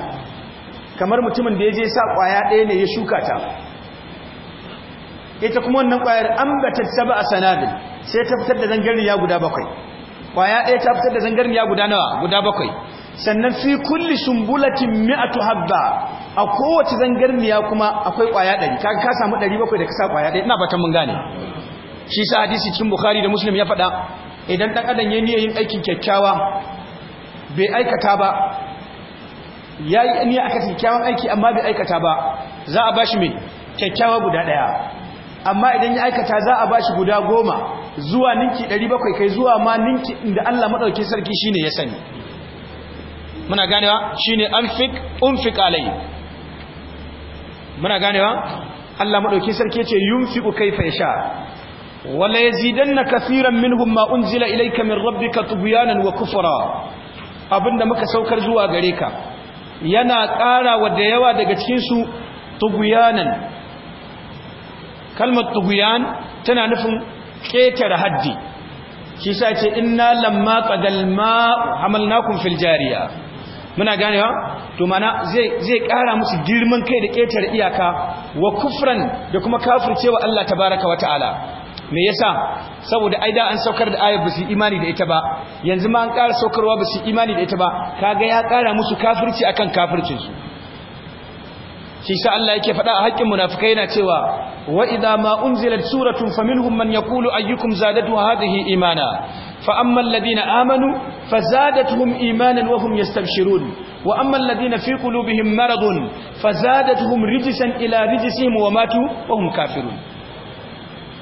kamar mutumin da ya je sa kwaya ɗaya ne ya shuka ta ita kuma wannan kwayar ambatat sab'a sanadin sai ta fitar da zangarniya guda bakwai kwaya ɗaya ta fitar da zangarniya guda nawa guda bakwai sannan fi kulli sumbulatin mi'atu habba a kowace zangarniya kuma akwai kwaya ɗari kaga ka samu ɗari bakwai da ka sa kwaya ɗaya ina batan mun gane shi sa hadisi cikin bukhari da muslim ya faɗa idan ɗan adam ya niyayin yin aikin kyakkyawa bai aikata ba ya yi niyyar aka kyakkyawan aiki amma bai aikata ba za a bashi mai kyakkyawa guda ɗaya. amma idan ya aikata za a bashi guda goma zuwa ninki 700 kai zuwa ma ninki inda Allah maɗauki sarki shi ne ya sani muna ganewa shi ne anfik unfik alai muna ganewa Allah maɗauki sarki yace yunfiqu kaifa yasha wala na kafiran minhum ma unzila ilaika min rabbika tubyanan wa kufura abinda muka saukar zuwa gare ka yana ƙara da yawa daga cikin su kalmar tubyan tana nufin ƙetare haddi shi sa ce inna lamma qadal ma hamalnakum fil jariya muna ganewa to mana zai ƙara musu girman kai da ƙetare iyaka wa kufran da kuma kafircewa Allah tabaaraka wa ta'ala me yasa saboda ai da an saukar da ayar basu imani da ita ba yanzu ma an ƙara saukarwa basu imani da ita ba kaga ya ƙara musu kafirci akan kafircin su shi sa Allah yake faɗa a haƙƙin munafikai yana cewa wa idza ma unzilat suratun faminhum man yaqulu ayyukum zadatu hadhihi imana fa amma alladhina amanu fazadatuhum imanan wa hum yastabshirun wa amma alladhina fi qulubihim maradun fazadatuhum rijsan ila rijsihim wa matu wa hum kafirun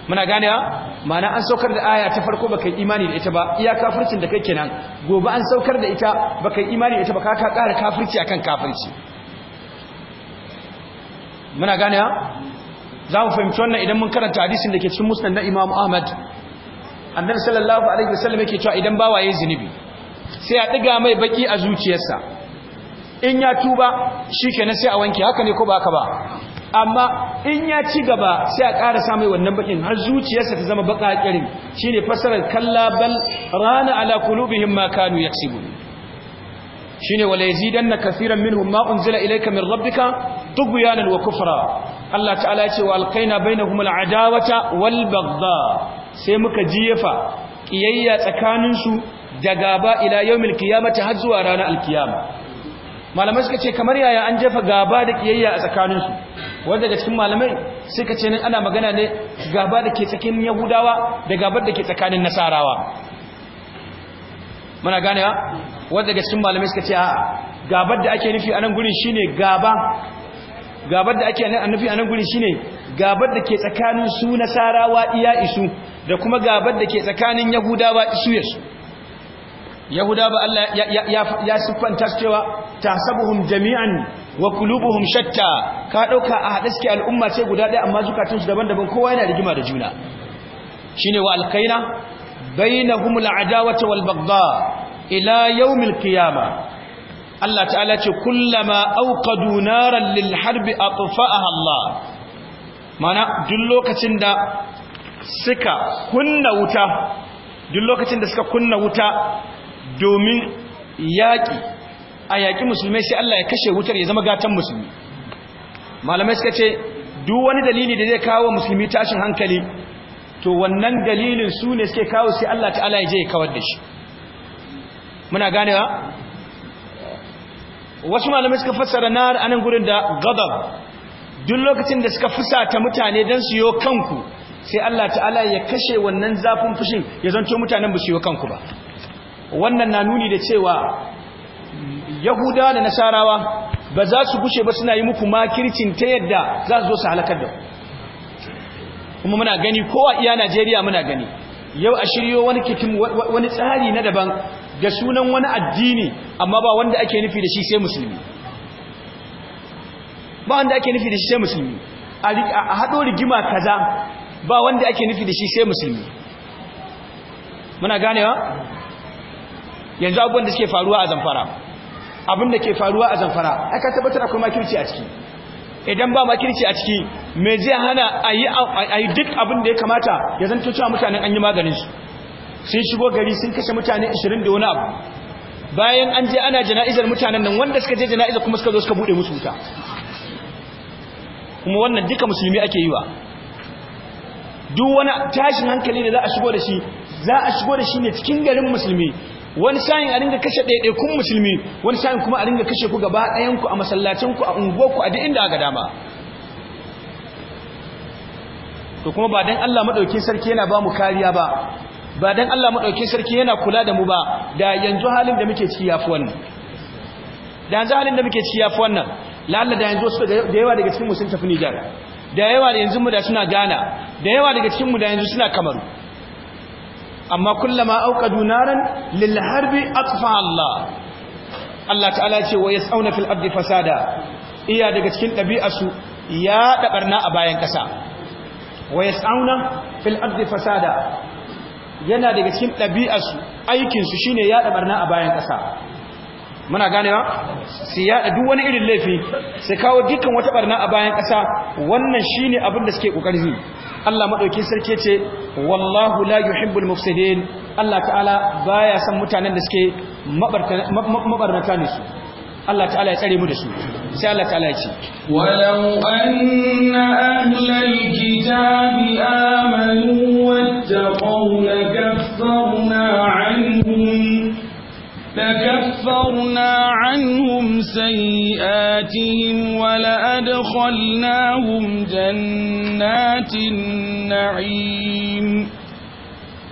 muna ba ma'ana an saukar da aya ta farko baka imani da ita ba iya kafircin da kake kenan gobe an saukar da ita baka imani da ita ba ka ka kara kafirci akan kafirci muna ba za mu fahimci wannan idan mun karanta hadisin da ke cikin musnad na Imam Ahmad annabi sallallahu alaihi wasallam yake cewa idan ba waye zunubi sai ya diga mai baki a zuciyarsa in ya tuba shikenan sai a wanke haka ne ko ba haka ba amma in ya ci gaba sai a ƙara samai wannan bakin har zuciyarsa ta zama baka kirin shine fasarar kalla bal rana ala qulubihim ma kanu yaksibun shine dan na kaseeran minhum ma unzila ilayka min rabbika tughyanan wa kufra Allah ta'ala ya ce wa na bainahum al'adawata wal baghdha sai muka jiyefa ƙiyayya tsakaninsu da gaba ila yawmil qiyamati har zuwa ranar alkiyama malamai suka ce kamar yaya an jefa gaba da kiyayya a tsakaninsu wanda daga cikin malamai suka ce nan ana magana ne gaba da ke tsakin yahudawa da gabar da ke tsakanin nasarawa muna ganewa wanda daga cikin malamai suka ce a gabar da ake nufi a nan gurin shine gaba gabar da ake nufi a nan gurin shine gabar da ke tsakanin su nasarawa iya isu da kuma gabar da ke tsakanin yahudawa isu yasu yahuda ba Allah ya siffanta su cewa tahsabuhum jami'an wa qulubuhum shatta ka ɗauka a hada suke al'umma ce guda ɗaya amma zukatun su daban-daban kowa yana rigima da juna shine wa na bainahum adawata wal baghdha ila yau al Allah ta'ala ce kullama awqadu naran lil harbi a Allah mana duk lokacin da suka kunna wuta duk lokacin da suka kunna wuta domin yaƙi a yaƙi musulmai sai Allah ya kashe wutar ya zama gatan musulmi malamai suka ce duk wani dalili da zai kawo musulmi tashin hankali to wannan dalilin su ne suke kawo sai Allah ta'ala ya je ya kawar da shi muna ganewa wasu malamai suka fassara nar anan gurin da gadab duk lokacin da suka fusata mutane don su yo kanku sai Allah ta'ala ya kashe wannan zafin fushin ya zanto mutanen ba su yo kanku ba wannan na nuni da cewa yahudawa da nasarawa ba za su gushe ba suna yi muku makircin ta yadda za su zo su halakar da kuma muna gani ko a iya najeriya muna gani yau a shiryo wani wani tsari na daban da sunan wani addini amma ba wanda ake nufi da shi sai musulmi ba wanda ake nufi da shi sai musulmi a haɗo rigima kaza ba wanda ake nufi da shi sai musulmi muna ganewa yanzu abubuwan da suke faruwa a zamfara abin da ke faruwa a zamfara aka tabbatar akwai makirci a ciki idan ba makirci a ciki me zai hana a yi duk abin da ya kamata ya zanto cewa mutanen an yi maganinsu sun shigo gari sun kashe mutane 20 da wani abu bayan an je ana jana'izar mutanen nan wanda suka je jana'izar kuma suka zo suka bude musu wuta kuma wannan duka musulmi ake yi wa duk wani tashin hankali da za a shigo da shi za a shigo da shi ne cikin garin musulmi wani shayin a ringa kashe kun musulmi wani shayin kuma a ringa kashe ku gaba ɗayanku a masallacinku a unguwarku a duk inda aka dama to kuma ba dan Allah maɗauki sarki yana ba mu kariya ba ba dan Allah maɗauki sarki yana kula da mu ba da yanzu halin da muke ciki ya fi wannan da yanzu halin da muke ciki ya fi wannan lalla da yanzu da yawa daga cikin mu sun tafi Niger da yawa da yanzu mu da suna Ghana da yawa daga cikin mu da yanzu suna Kamaru amma kullama auqadu naran lil harbi atfa Allah Allah ta'ala ce wa yas'auna fil ardi fasada iya daga cikin ɗabi'arsu ya ɗaɓarna a bayan ƙasa wa yas'auna fil ardi fasada yana daga cikin ɗabi'arsu aikinsu shine ya ɗaɓarna a bayan ƙasa muna ganewa su yada duk wani irin laifi su kawo dukkan wata ɓarna a bayan ƙasa wannan shine abin da suke ƙoƙarin Allah madaukin sarki ce wallahu la yuhibbul mufsidin Allah ta'ala baya san mutanen da suke mabarnata ne su Allah ta'ala ya tsare mu da su sai Allah ta'ala ya ce anna ahlal kitabi amanu wattaqaw lakaffarna لكفرنا عنهم سيئاتهم ولأدخلناهم جنات النعيم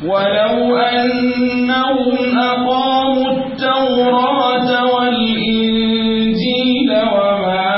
ولو أنهم أقاموا التوراة والإنجيل وما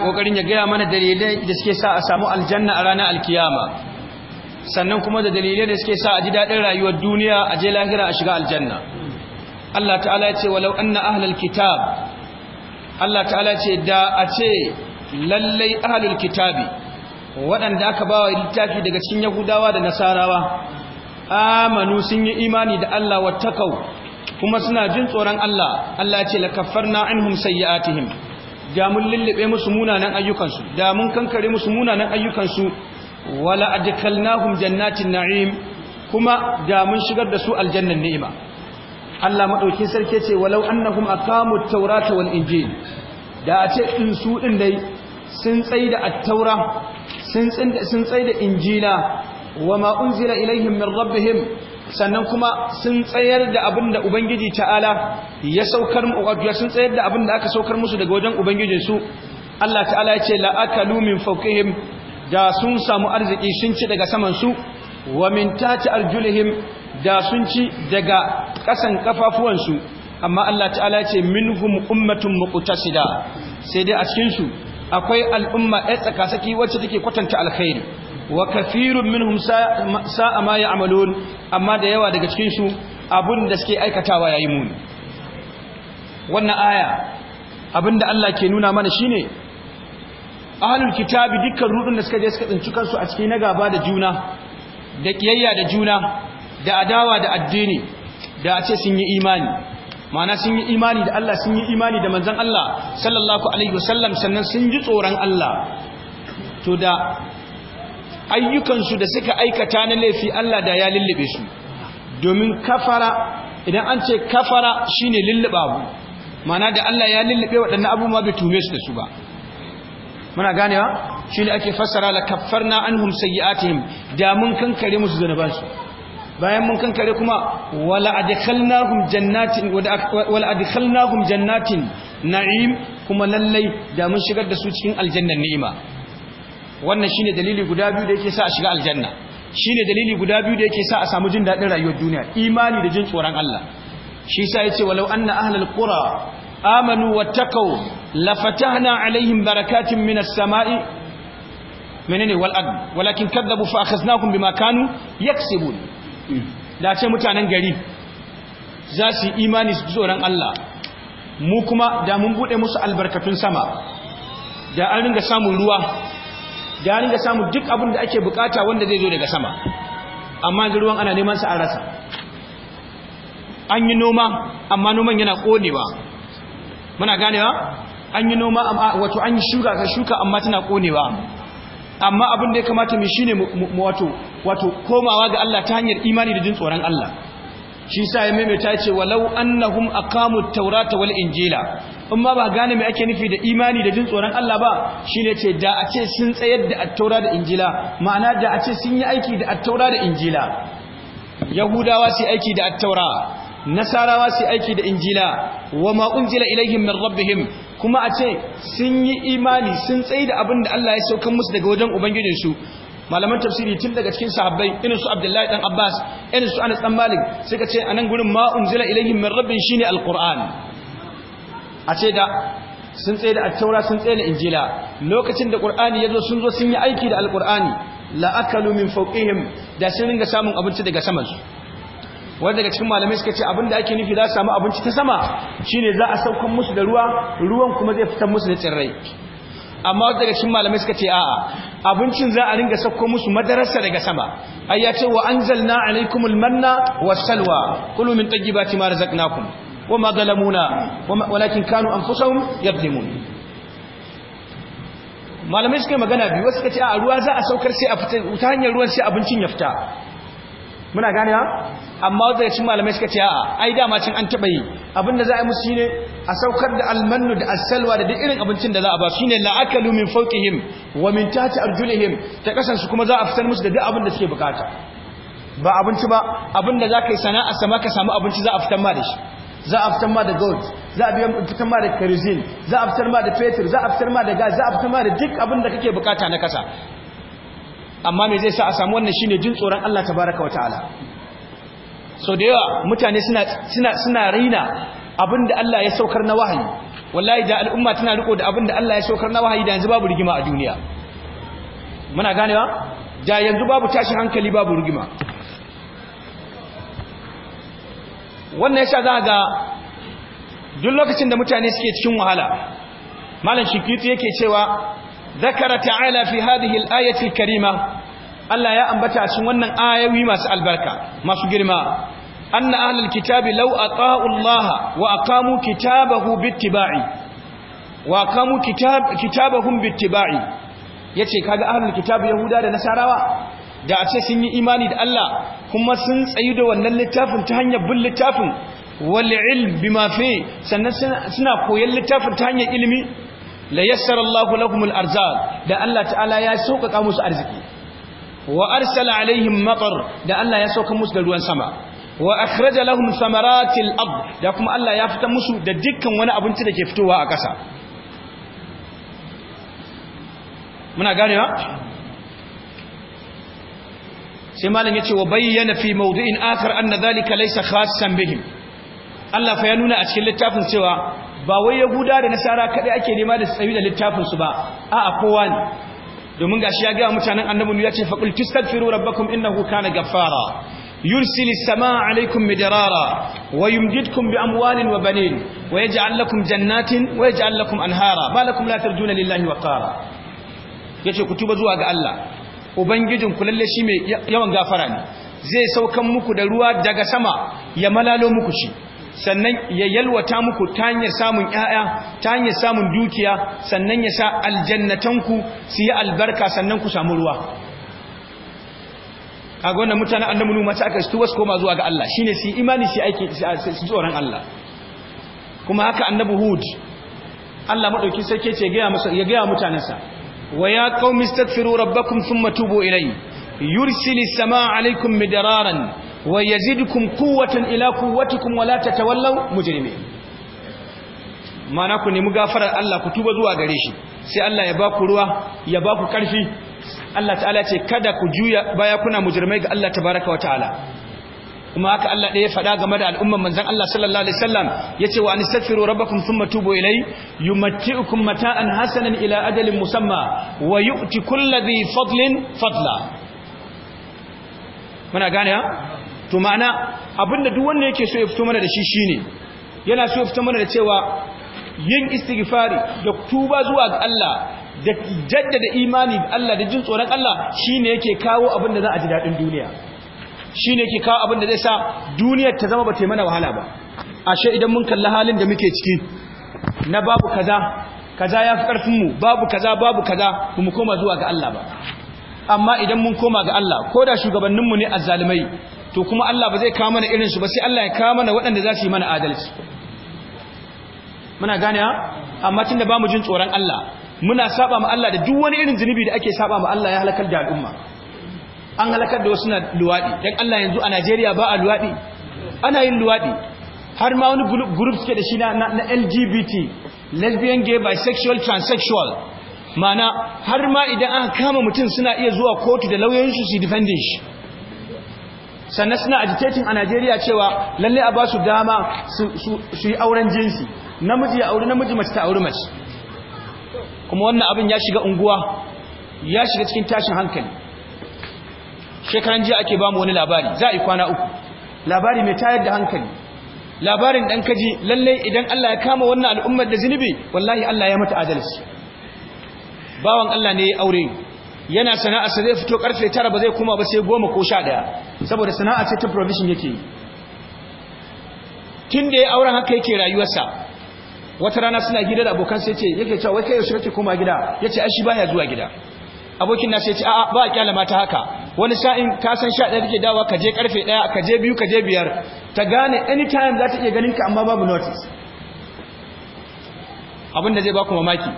yana kokarin ya gaya mana dalilai da suke sa a samu aljanna a ranar alkiyama sannan kuma da dalilai da suke sa a ji daɗin rayuwar duniya a je lahira a shiga aljanna Allah ta'ala ya ce walau anna ahlal kitab Allah ta'ala ce da a ce lallai ahlul kitabi waɗanda aka bawa littafi daga cikin yahudawa da nasarawa amanu sun yi imani da Allah takau kuma suna jin tsoron Allah Allah ya ce lakaffarna anhum sayyi'atihim da mun lullube musu munanan ayyukansu da mun kankare musu munanan ayyukansu wala adkalnahum jannatin na'im kuma da mun shigar da su aljannan ni'ima Allah madaukin sarki ce walau annahum aqamu at-taurata wal injil da a ce in su din dai sun tsaida at-taura sun tsaida injila wama unzila ilaihim min rabbihim sannan kuma sun tsayar da abin da ubangiji ta'ala ya saukar mu sun tsayar da abin da aka saukar musu daga wajen ubangijinsu Allah ta'ala ya ce la'akalu min fawqihim da sun samu arziki sun ci daga saman su wa min tati arjulihim da sun ci daga kasan kafafuwan amma Allah ta'ala ya ce minhum ummatun muqtasida sai dai a cikin su akwai al'umma ɗaya tsakasaki wacce take kwatanta alkhairi wa kafirun minhum sa'a ma ya'malun amma da yawa daga cikin su abun da suke aikatawa yayi muni wannan aya abinda Allah ke nuna mana shine ahlul kitabi dukkan rudun da suka je suka tsinci kansu a cikin nagaba da juna da kiyayya da juna da adawa da addini da a ce sun yi imani ma'ana sun yi imani da Allah sun yi imani da manzon Allah sallallahu alaihi wasallam sannan sun ji tsoron Allah to da ayyukansu da suka aikata na laifi Allah da ya lullube su domin kafara idan an ce kafara shine lulluba abu mana da Allah ya lullube waɗannan abubuwa bai tume su da su ba muna ganewa shine ake fassara la kaffarna anhum sayyi'atihim da mun kankare musu su bayan mun kankare kuma wala adkhalnahum jannatin wala adkhalnahum jannatin na'im kuma lallai da mun shigar da su cikin aljannar ni'ima wannan shine dalili guda biyu da yake sa a shiga aljanna shine dalili guda biyu da yake sa a samu jin daɗin rayuwar duniya imani da jin tsoron Allah shi sa yace walau anna ahlal qura amanu wattaqu lafatahna alaihim barakatin minas sama'i menene wal ard walakin kadzabu fa akhaznahum bima kanu yaksibun da ce mutanen gari za su imani su tsoron Allah mu kuma da mun bude musu albarkatun sama da an ringa samun ruwa da ringa samu duk abin da ake bukata wanda zai zo daga sama amma yanzu ruwan ana neman sa an rasa an yi noma amma noman yana konewa muna ganewa an yi noma wato an yi shuka ka shuka amma tana konewa amma abin da ya kamata mu shine wato wato komawa ga Allah ta hanyar imani da jin tsoron Allah shi sa ya maimaita ce walau annahum aqamut tawrata wal injila in ma ba gane me ake nufi da imani da jin tsoron Allah ba shine ce da a ce sun tsayar da attaura da injila ma'ana da a ce sun yi aiki da attaura da injila yahudawa su aiki da attaura nasarawa su aiki da injila wa ma unzila ilaihim min rabbihim kuma a ce sun yi imani sun tsayi da abin da Allah ya saukan musu daga wajen su malaman tafsiri tun daga cikin sahabbai irin su Abdullahi dan Abbas irin su Anas dan Malik suka ce anan gurin ma unzila ilaihim min rabbin shine alquran a ce da sun tsaye da attaura sun tsaye da injila lokacin da qur'ani yazo sun zo sun yi aiki da alqur'ani la akalu min fawqihim da sun ringa samun abinci daga saman su wanda daga cikin malamai suka ce abinda ake nufi za su samu abinci ta sama shine za a saukan musu da ruwa ruwan kuma zai fitar musu da tsirrai amma wanda daga cikin malamai suka ce a'a abincin za a ringa sauko musu madarasa daga sama ai ya ce wa anzalna alaikumul manna wasalwa salwa kulu min tayyibati ma razaqnakum وما ظلمونا ولكن كانوا أنفسهم يظلمون malamai suka magana biyu wasu kace a ruwa za a saukar sai a fita ta hanyar ruwan sai abincin ya fita muna gane amma wanda ya ci malamai suka ce a ai dama cin an taba yi abinda za a yi musu shine a saukar da almannu da asalwa da duk irin abincin da za a ba shine la'akalu min fawqihim wa min tahti arjulihim ta kasan su kuma za a fitar musu da duk abin da suke bukata ba abinci ba abinda za ka yi sana'a sama ka samu abinci za a fitar ma da shi za a fitar ma da gold za a fitar ma da kerosene za a fitar ma da fetur za a fitar ma da gas za a fitar ma da duk abin da kake bukata na kasa amma me zai sa a samu wannan shine jin tsoron Allah tabaraka wataala so da yawa mutane suna suna suna raina abin da Allah ya saukar na wahayi wallahi da al'umma tana riko da abin da Allah ya saukar na wahayi da yanzu babu rigima a duniya muna ganewa da yanzu babu tashi hankali babu rigima wannan yasa za ga duk lokacin da mutane suke cikin wahala malam shikitu yake cewa zakara ta'ala fi hadhihi al-ayati al-karima Allah ya ambata cikin wannan ayoyi masu albarka masu girma anna ahlul kitabi law ata'u Allah wa aqamu kitabahu bittiba'i wa aqamu kitab kitabahum bittiba'i yace kaga ahlul kitabi yahuda da nasarawa da a ce sun yi imani da Allah kuma sun tsayu da wannan littafin ta hanyar bin littafin wal ilm bima fi sannan suna koyan littafin ta hanyar ilimi la yassara Allahu lakumul arzaq da Allah ta'ala ya sauƙaƙa musu arziki wa arsala alaihim matar da Allah ya sauka musu da ruwan sama wa akhraja lahum samaratil ab da kuma Allah ya fita musu da dukkan wani abinci da ke fitowa a ƙasa muna ganewa sai malam yace wa bayyana fi mawdu'in akhar anna dhalika laysa khassan bihim Allah fa ya nuna a cikin littafin cewa ba wai yahuda da nasara kadai ake nema da tsayi da littafin su ba a'a kowa ne domin gashi ya ga mutanen annabi ya ce faqul tastaghfiru rabbakum innahu kana ghaffara yursilu samaa alaykum midrara wa yumdidkum bi amwalin wa banin wa yaj'al lakum jannatin wa yaj'al lakum anhara ma lakum la tarjuna lillahi waqara yace ku tuba zuwa ga Allah ubangijin ku lalle shi mai yawan gafara ne zai saukan muku da ruwa daga sama ya malalo muku shi sannan ya yalwata muku ta hanyar samun ƴaƴa ta hanyar samun dukiya sannan ya sa aljannatanku su yi albarka sannan ku samu ruwa kaga wannan mutanen annabi nu mata aka su wasu koma zuwa ga Allah shine su imani su aiki su tsoron Allah kuma haka annabi hud Allah madauki sarki ce ya gaya mutanensa ويا قوم استغفروا ربكم ثم توبوا إليه يرسل السماء عليكم مدرارا ويزيدكم قوة إلى قوتكم ولا تتولوا مجرمين mana ku nemi gafarar Allah ku tuba zuwa gare shi sai Allah ya baku ruwa ya baku karfi Allah ta'ala ce kada ku juya baya kuna mujrimai ga Allah tabaraka wa ta'ala kuma haka Allah ɗaya faɗa game da al'umman manzan Allah sallallahu alaihi wasallam yace wa anistaghfiru rabbakum thumma tubu ilay yumatti'ukum mata'an hasanan ila adalin musamman wa yu'ti kulli fadlin fadla muna gane ha to ma'ana abinda duk wanda yake so ya fito mana da shi ne. yana so ya fito mana da cewa yin istighfari da tuba zuwa ga Allah da jaddada imani da Allah da jin tsoron Allah shi ne yake kawo abinda za a ji daɗin duniya shi ne ke kawo abin da zai sa duniyar ta zama ba ta yi mana wahala ba ashe idan mun kalli halin da muke ciki na babu kaza kaza ya fi ƙarfinmu babu kaza babu kaza ba mu koma zuwa ga Allah ba amma idan mun koma ga Allah ko da shugabanninmu ne azzalumai to kuma Allah ba zai kawo mana irinsu ba sai Allah ya kawo mana waɗanda za su yi mana adalci muna gane amma tunda ba mu jin tsoron Allah muna saba ma Allah da duk wani irin zunubi da ake saba ma Allah ya halakar da al'umma an halakar da wasu na luwaɗi don Allah yanzu a Najeriya ba a luwaɗi ana yin luwaɗi har ma wani group suke da shi na LGBT lesbian gay bisexual transsexual mana har ma idan an kama mutum suna iya zuwa kotu da lauyoyinsu su defending shi sannan suna agitating a Najeriya cewa lalle a ba su dama su yi auren jinsi namiji ya auri namiji mace ta auri mace kuma wannan abin ya shiga unguwa ya shiga cikin tashin hankali shekaran jiya ake bamu wani labari za a yi kwana uku labari mai tayar da hankali labarin dan kaji lallai idan Allah ya kama wannan al'ummar da zunubi wallahi Allah ya mata adalci bawan Allah ne ya aure yana sana'a zai fito karfe 9 ba zai koma ba sai 10 ko 11 saboda sana'a ce ta provision yake yi tun da ya auren haka yake rayuwarsa wata rana suna gida da abokan sai ce yake cewa wai kai yaushe kake koma gida yace ai shi baya zuwa gida abokin nasu ya ce a'a ba a kyala mata haka wani sa'in ka san sha ɗaya take dawa ka je karfe ɗaya ka je biyu ka je biyar ta gane anytime za ta iya ganin ka amma babu notice abin da zai ba ku mamaki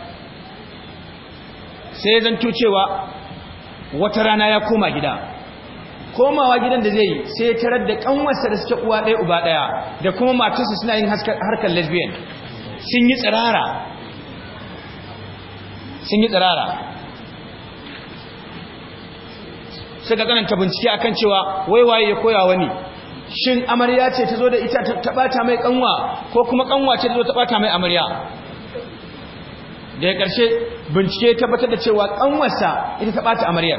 sai zan to cewa wata rana ya koma gida komawa gidan da zai yi sai ya tarar da kanwarsa da suke uwa ɗaya uba ɗaya da kuma matarsa suna yin harkar lesbian sun yi tsirara sun yi tsirara suka tsananta bincike akan cewa wai waye ya koya wani shin amarya ce ta zo da ita ta bata mai kanwa ko kuma kanwa ce ta zo ta bata mai amarya daga ƙarshe bincike ya tabbatar da cewa kanwarsa ita ta bata amaryar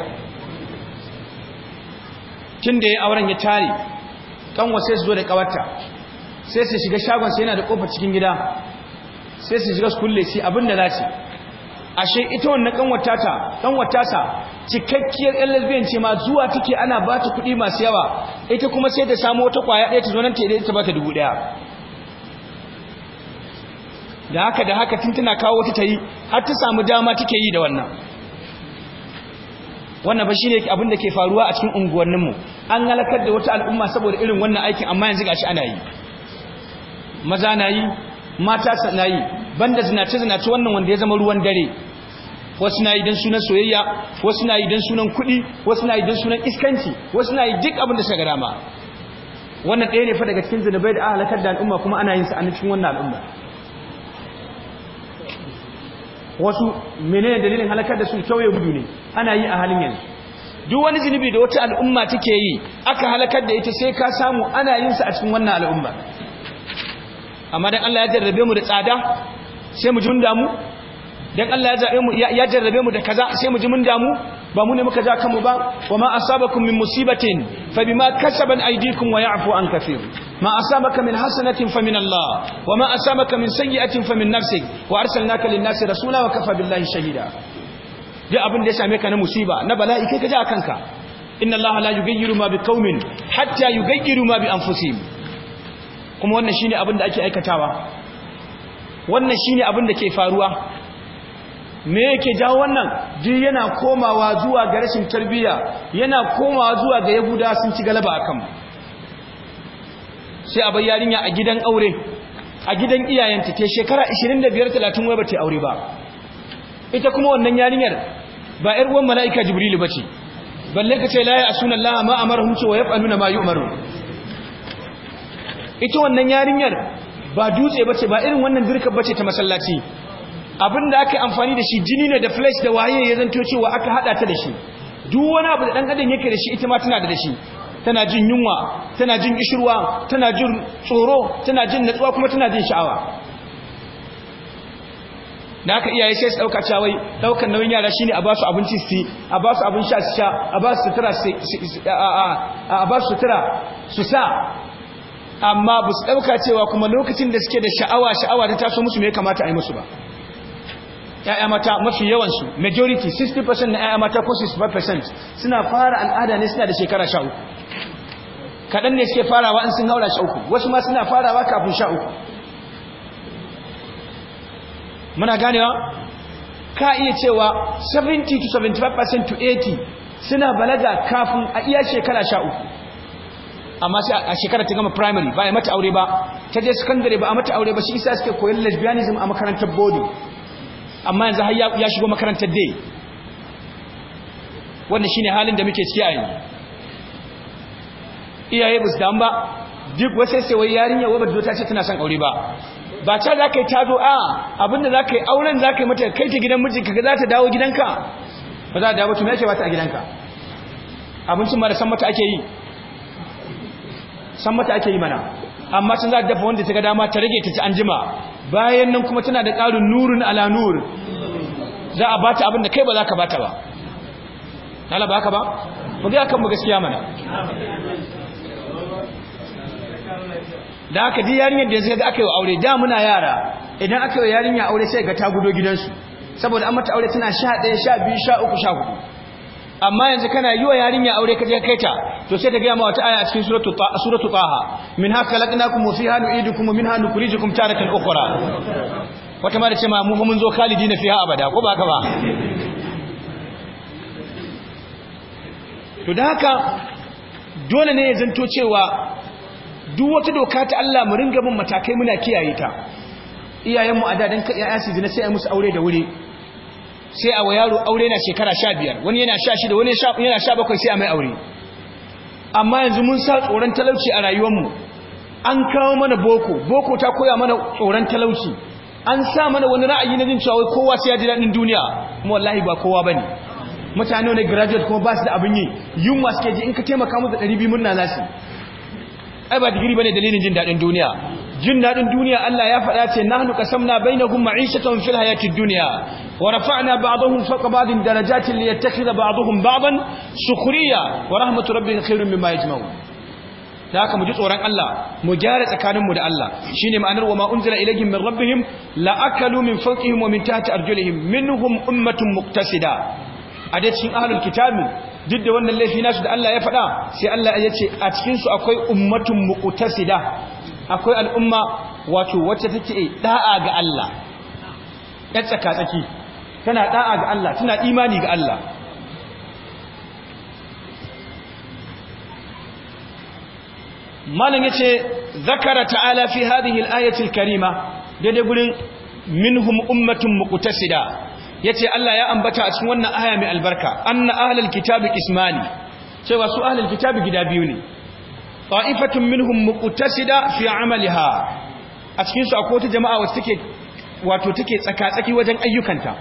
tun da ya auren ya tare kanwa sai su zo da kawarta sai su shiga shagonsa yana da kofar cikin gida sai su shiga su kulle shi abin da za su ashe ita wannan kanwatata sa cikakkiyar LLB ce ma zuwa take ana ba ta kuɗi masu yawa ita kuma sai ta samu wata kwaya ɗaya ta zo nan ta yi ta ba ta dubu ɗaya da haka da haka tana kawo wata ta yi har ta samu dama take yi da wannan wannan ba shine abin da ke faruwa a cikin unguwanninmu an halakar da wata al'umma saboda irin wannan aikin amma yanzu gashi ana yi maza na yi mata na yi banda zinace zinace wannan wanda ya zama ruwan dare wasu na yi don sunan soyayya wasu na yi don sunan kuɗi wasu na yi don sunan iskanci wasu na yi duk abin da suka ma wannan ɗaya ne fa daga cikin zinubai da aka halakar da al'umma kuma ana yin sa a cikin wannan al'umma wasu menene dalilin halakar da su kyauye gudu ne ana yi a halin yanzu duk wani zunubi da wata al'umma take yi aka halakar da ita sai ka samu ana yin sa a cikin wannan al'umma amma dan Allah ya jarrabe mu da tsada sai mu ji mun damu dan Allah ya zabe mu ya jarrabe mu da kaza sai mu ji mun damu ba mu ne muka ja kanmu ba wa ma asabakum min musibatin fa bima kasaban aydikum wa ya'fu an kathir ma asabaka min hasanatin fa min Allah wa ma asabaka min sayyi'atin fa min nafsik wa arsalnaka lin-nasi rasula wa kafa billahi shahida duk abin da ya same ka na musiba na bala'i kai ka ja kanka inna Allah la yughayyiru ma biqaumin hatta yughayyiru ma bi anfusihim kuma wannan shine abin da ake aikatawa wannan shine abin da ke faruwa me yake jawo wannan duk yana komawa zuwa ga rashin tarbiyya yana komawa zuwa ga yahuda sun ci galaba a kan sai a bar yarinya a gidan aure a gidan iyayenta ta shekara 25 30 wai bata aure ba ita kuma wannan yarinyar ba ƴar uwan mala'ika ba ce. balle kace la ya asunallaha ma amarhum wa yaf'aluna ma umaru. ita wannan yarinyar ba dutse ba ce ba irin wannan ba ce ta masallaci abin da aka amfani da shi jini ne da flesh da waye ya zanto cewa aka hada ta da shi duk wani abu da dan adam yake da shi ita ma tana da da shi tana jin yunwa tana jin kishirwa tana jin tsoro tana jin natsuwa kuma tana jin sha'awa da aka iyaye sai su dauka wai daukan nauyin yara shine a ba su abinci su a ba su abin sha su sha a ba su sutura su a ba su sutura su sa amma ba su ɗauka cewa kuma lokacin da suke da sha'awa sha'awa ta taso musu mai kamata a yi musu ba ‘ya'ya mata mafi yawansu majority 60% na ‘ya'ya mata ko 65% suna fara al'ada ne suna da shekara sha uku kaɗan ne suke farawa in sun haura sha uku wasu ma suna farawa kafin sha uku muna ganewa ka iya cewa 70 to 75% to 80 suna balaga kafin a iya shekara sha uku amma sai a shekara ta gama primary ba a mata aure ba ta je secondary ba a mata aure ba shi isa suke koyon lesbianism a makarantar boarding amma yanzu har ya shigo makarantar day wannan shine halin da muke ciki a yanzu iyaye ba su damu ba duk wasu sai wai yarinya wai ba ta ce tana son aure ba ba ta za ka yi tazo a abinda za ka yi auren za ka yi mata kai ta gidan mijinka za ta dawo gidanka ba za ta dawo ba tun ya ce ba ta a gidanka abincin ma da san mata ake yi san mata ake yi mana amma sun za ta dafa wanda ta ga dama ta rage ta ci anjima bayan nan kuma tana da ƙarin nurin ala nur za a bata abin da kai ba za ka bata ba hala ba ka ba mu ga kan gaskiya mana da aka ji yarinyar da yanzu ga aka yi aure da muna yara idan aka yi yarinya aure sai ga ta gudo gidansu saboda an mata aure tana 11 12 13 14 amma yanzu kana yi wa yarinya aure kaje kai ta to sai ta ga ma wata aya a cikin suratu suratu taha min haka wa fiha nu'idukum minha nukhrijukum taratan ukhra wata ma da ce ma mu mun zo khalidina fiha abada ko ba ka ba to da haka dole ne ya zanto cewa duk wata doka ta Allah mu ringa bin matakai muna kiyaye ta iyayenmu a dadan ƴaƴa su zina sai ai musu aure da wuri sai a wa yaro aure na shekara sha biyar wani yana sha shida wani yana sha bakwai sai a mai aure amma yanzu mun sa tsoron talauci a rayuwarmu an kawo mana boko boko ta koya mana tsoron talauci an sa mana wani ra'ayi na jin cewa kowa sai ya ji daɗin duniya kuma wallahi ba kowa ba ne mutane wani graduate kuma ba su da abin yi yunwa suke ji in ka taimaka musu ɗari biyu murna za su ai ba digiri ba ne dalilin jin daɗin duniya jin dadin duniya Allah ya faɗa ce nahnu qasamna bainahum ma'ishatuhum fil hayatid dunya wa rafa'na ba'dahum fawqa ba'din darajatin liyattakhidha ba'dahum ba'dan sukhriya wa rahmatu rabbika khairun mimma yajma'un da haka mu ji tsoron Allah mu gyara tsakaninmu da Allah shine ma'anar wa ma unzila ilayhim min rabbihim la akalu min fawqihim wa min tahti arjulihim minhum ummatun muqtasida a da ahlul kitabi duk da wannan laifi nasu da Allah ya faɗa sai Allah ya ce a cikin su akwai ummatun muqtasida akwai al'umma wato wacce take ɗa'a ga Allah yar tsakatsaki tana ɗa'a ga Allah tana imani ga Allah ya ce zakara ta'ala fi haɗin al karima daidai gurin minhum ummatun Ya yace Allah ya ambata a cikin wannan aya mai albarka anna ahlul kitabin qismani cewa su ahlul kitabi gida biyu ne ta'ifatun minhum muqtasida fi amaliha a cikin su akwai jama'a wacce take wato take tsaka-tsaki wajen ayyukanta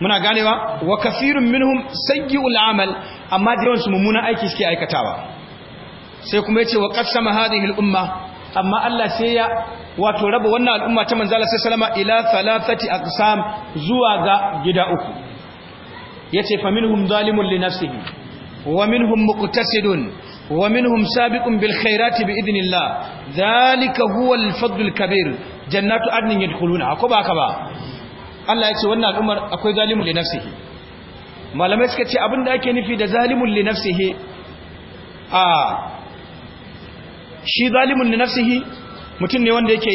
muna ganewa wa kafirun minhum sayyi'ul amal amma da yawansu mummunan aiki suke aikatawa sai kuma yace wa qasama hadhihi al'umma amma Allah sai ya wato raba wannan al'umma ta manzala salama. ila thalathati aqsam zuwa ga gida uku yace fa minhum zalimun li wa minhum muqtasidun ومنهم سابق بالخيرات باذن الله ذلك هو الفضل الكبير جنات عدن يدخلون اكو هكا با الله يتي wannan al'umar akwai zalimun li nafsihi malamai suka ce abin da ake nufi da zalimun li nafsihi a shi zalimun li nafsihi mutum ne wanda yake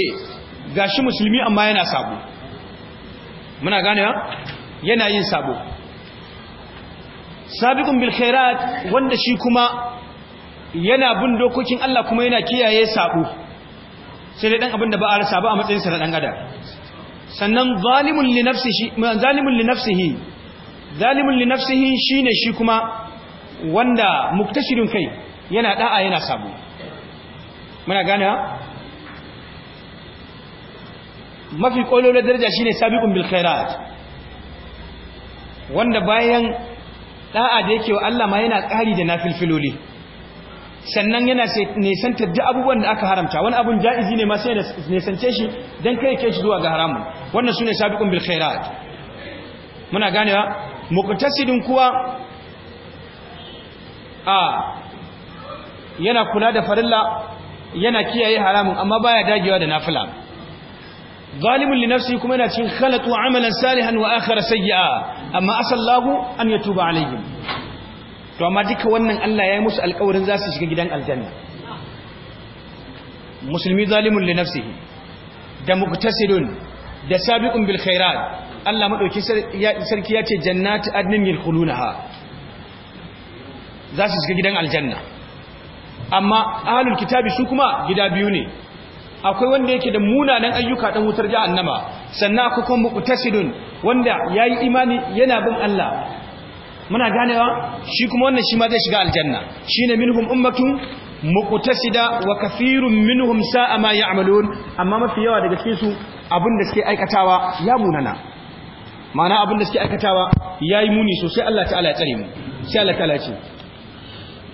gashi musulmi amma yana sabo muna ganewa yana yin sabo sabiqun bil wanda shi kuma yana bin dokokin Allah kuma yana kiyaye sabo sai dai dan abin da ba a rasa ba a matsayin sa na dan adam sannan zalimun li nafsihi zalimun li nafsihi zalimun li nafsihi shine shi kuma wanda muktashirin kai yana da'a yana sabo muna gane mafi kololo daraja shine sabiqun bil khairat wanda bayan da'a da yake wa Allah ma yana ƙari da nafilfiloli sannan yana nesantar duk abubuwan da aka haramta wani abun ja'izi ne ma sai nesance shi dan kai ke shi zuwa ga haramun wannan sune sabiqun bil khairat muna ganewa muqtasidin kuwa a yana kula da farilla yana kiyaye haramun amma baya dagewa da nafila zalimun li nafsi kuma yana cikin khalatu amalan salihan wa akhara sayyi'a amma asallahu an yatuba alaihim to amma duka wannan Allah ya yi musu alkawarin za su shiga gidan aljanna musulmi zalimun li nafsihi da muktasidun da sabiqun bil khairat Allah madauki sarki ya ce jannatu adnin yadkhulunaha za su shiga gidan aljanna amma ahlul kitabi su kuma gida biyu ne akwai wanda yake da munanan ayyuka dan wutar jahannama sannan akwai kuma muktasidun wanda yayi imani yana bin Allah muna ganewa shi kuma wannan shi ma zai shiga aljanna shine minhum ummatun muqtasida wa kathirun minhum sa'a ma ya'malun amma mafi yawa daga cikin su abinda suke aikatawa ya munana ma'ana abinda suke aikatawa yayi muni sosai Allah ta'ala ya tsare mu sai Allah ta'ala ya ce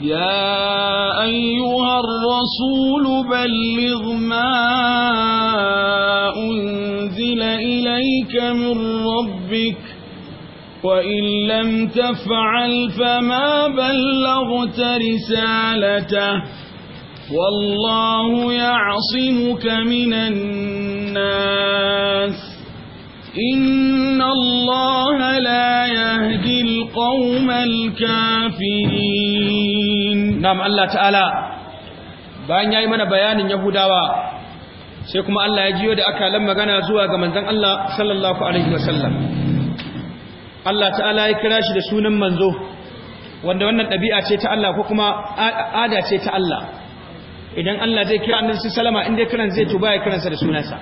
يا أيها الرسول بلغ ما أنزل إليك من ربك وإن لم تفعل فما بلغت رسالته والله يعصمك من الناس إن الله لا يهدي القوم الكافرين نعم الله تعالى bayan yayi mana bayanin yahudawa sai kuma Allah ya jiyo da aka magana zuwa ga manzon Allah sallallahu alaihi wasallam Allah ta'ala ya kira shi da sunan manzo wanda wannan ɗabi'a ce ta Allah ko kuma ada ce ta Allah idan Allah zai kira annabi sallama in dai kiran zai tuba ya kiransa da sunansa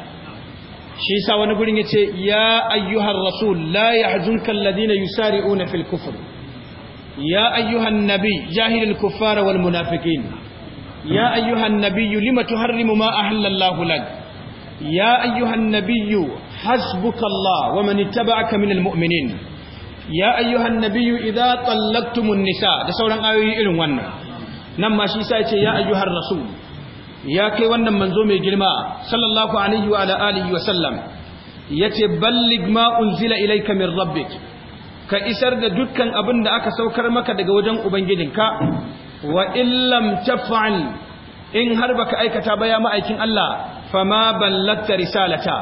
shi yasa wani gurin yace ya ayyuhar rasul la yahzunka alladhina yusari'una fil kufr ya ayyuhan nabi jahilil kuffara wal munafiqin ya ayyuhan nabiyyu lima tuharrimu ma ahallallahu lak ya ayyuhan nabiyyu hasbuka Allah wa man ittaba'aka minal mu'minin ya ayyuhan nabiyyu idza tallaqtumun nisa da sauran ayoyi irin wannan nan ma shi sai ce ya ayyuhar rasul ya kai wannan manzo mai girma sallallahu alaihi wa alihi wa sallam yace ballig ma unzila ilayka min rabbik ka isar da dukkan abin da aka saukar maka daga wajen ubangijinka wa illam taf'al in har baka aikata ba ya ma'aikin Allah fama ballagta risalata